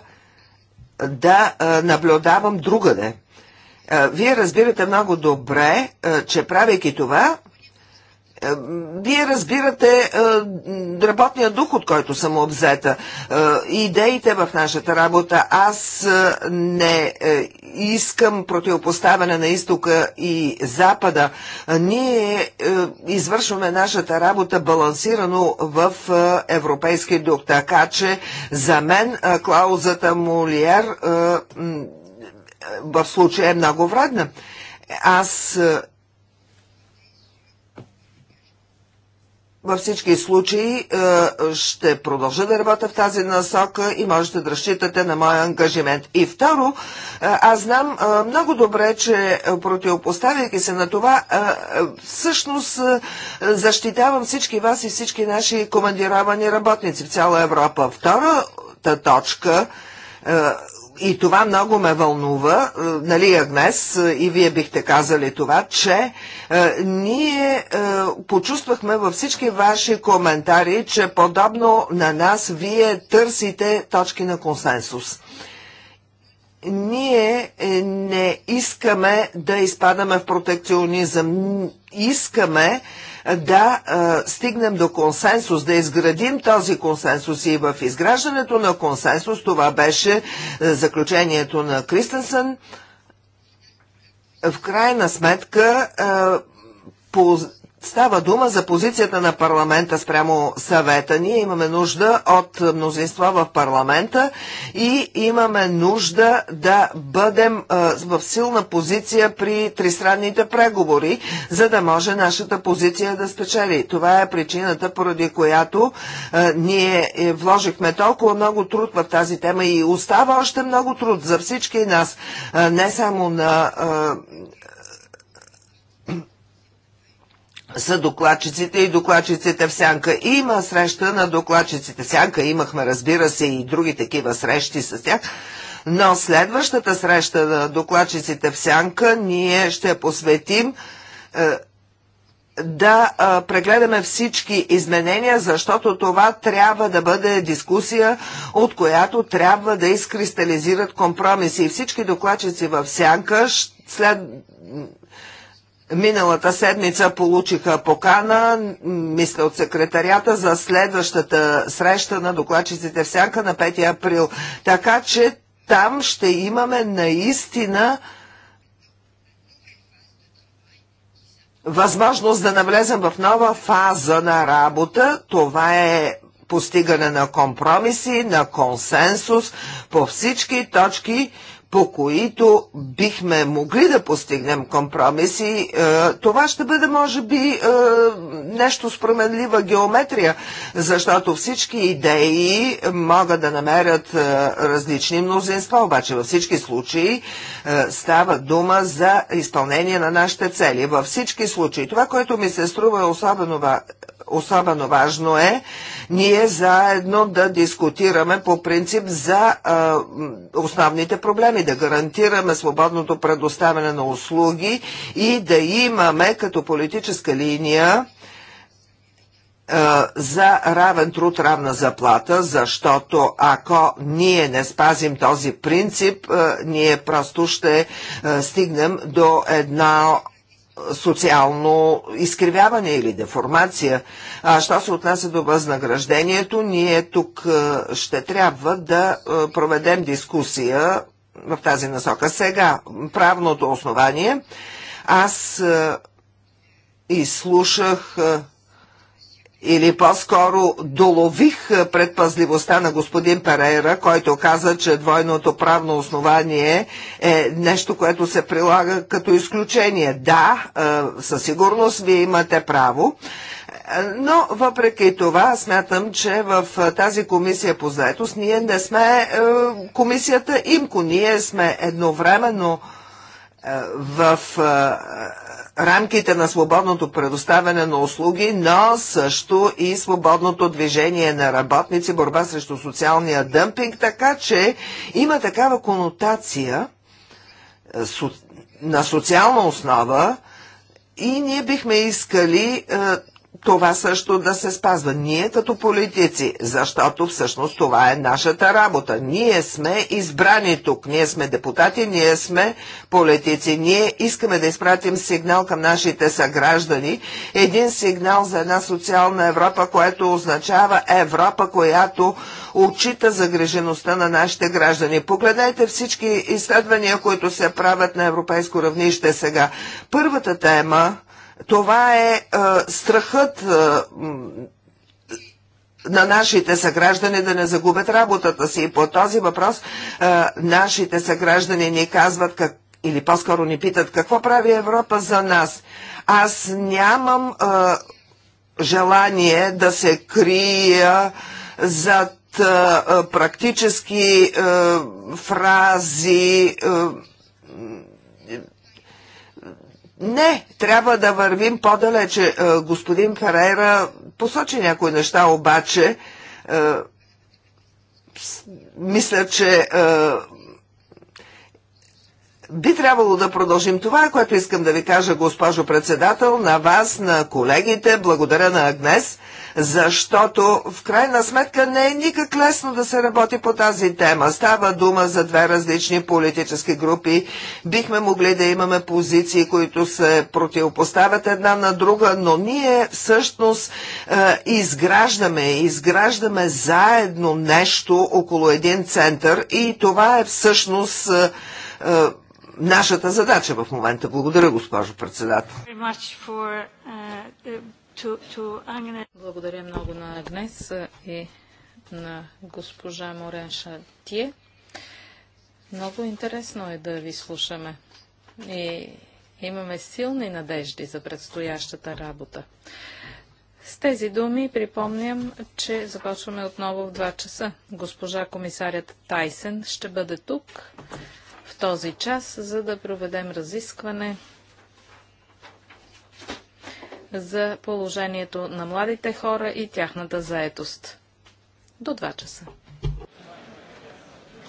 S3: да наблюдавам другаде. Вие разбирате много добре, че правейки това, е, вие разбирате е, работния дух, от който съм обзета, е, идеите в нашата работа. Аз не искам противопоставяне на изтока и запада. Ние извършваме нашата работа балансирано в европейски дух, така че за мен клаузата Молиер в случая е много вредна. Аз Във всички случаи е, ще продължа да работя в тази насока и можете да разчитате на моя ангажимент. И второ, е, аз знам е, много добре, че противопоставяйки се на това, всъщност защитавам всички вас и всички наши командировани работници в цяла Европа. Втората точка и това много ме вълнува, е, нали, Агнес, е, и вие бихте казали това, че е, ние е, почувствахме във всички ваши коментари, че подобно на нас вие търсите точки на консенсус ние е, не искаме да изпадаме в протекционизъм. Искаме да стигнем до консенсус, да изградим този консенсус и в изграждането на консенсус, това беше е, заключението на Кристенсън, в крайна сметка е, по Става дума за позицията на парламента спрямо съвета. Ние имаме нужда от мнозинства в парламента и имаме нужда да бъдем в силна позиция при тристранните преговори, за да може нашата позиция да спечели. Това е причината, поради която ние е, вложихме толкова много труд в тази тема и остава още много труд за всички нас, не само на са докладчиците и докладчиците в сянка. Има среща на докладчиците в сянка, имахме разбира се и други такива срещи с тях, но следващата среща на докладчиците в сянка ние ще посветим е, да а, прегледаме всички изменения, защото това трябва да бъде дискусия, от която трябва да изкристализират компромиси. И всички докладчици в сянка след Миналата седмица получиха покана, мисля от секретарията, за следващата среща на докладчиците всяка на 5 април. Така че там ще имаме наистина възможност да навлезем в нова фаза на работа. Това е постигане на компромиси, на консенсус по всички точки – по които бихме могли да постигнем компромиси, е, това ще бъде, може би, е, нещо с променлива геометрия, защото всички идеи могат да намерят е, различни мнозинства, обаче във всички случаи става дума за изпълнение на нашите цели. Във всички случаи. Това, което ми се струва особено особено важно е ние заедно да дискутираме по принцип за а, основните проблеми, да гарантираме свободното предоставяне на услуги и да имаме като политическа линия за равен труд, равна заплата, защото ако ние не спазим този принцип, ние просто ще стигнем до една социално изкривяване или деформация. А що се отнася до възнаграждението, ние тук ще трябва да проведем дискусия в тази насока. Сега, правното основание. Аз изслушах или по-скоро долових предпазливостта на господин Перейра, който каза, че двойното правно основание е нещо, което се прилага като изключение. Да, е, със сигурност вие имате право. Е, но въпреки това смятам, че в тази комисия по заетост ние не сме е, комисията имко, ние сме едновременно е, в е, рамките на свободното предоставяне на услуги, но също и свободното движение на работници, борба срещу социалния дъмпинг, така че има такава конотация е, на социална основа и ние бихме искали е, това също да се спазва. Ние като политици, защото всъщност това е нашата работа. Ние сме избрани тук, ние сме депутати, ние сме политици. Ние искаме да изпратим сигнал към нашите съграждани, един сигнал за една социална Европа, което означава Европа, която отчита загрежеността на нашите граждани. Погледнете всички изследвания, които се правят на европейско равнище сега. Първата тема това е, е страхът е, на нашите съграждани да не загубят работата си. И по този въпрос е, нашите съграждани ни казват как, или по-скоро ни питат какво прави Европа за нас. Аз нямам желание да се крия зад практически фрази не, трябва да вървим по-далече. Е, господин Ферейра посочи някои неща, обаче е, мисля, че е, би трябвало да продължим това, което искам да ви кажа, госпожо председател, на вас, на колегите, благодаря на Агнес защото в крайна сметка не е никак лесно да се работи по тази тема. Става дума за две различни политически групи. Бихме могли да имаме позиции, които се противопоставят една на друга, но ние всъщност е, изграждаме, изграждаме заедно нещо около един център и това е всъщност е, е, нашата задача в момента. Благодаря, госпожо председател
S1: to, to Благодаря много на Агнес и на госпожа Морен Шатие. Много интересно е да ви слушаме. И имаме силни надежди за предстоящата работа. С тези думи припомням, че започваме отново в 2 часа. Госпожа комисарят Тайсен ще бъде тук в този час, за да проведем разискване за положението на младите хора и тяхната заетост. До 2 часа.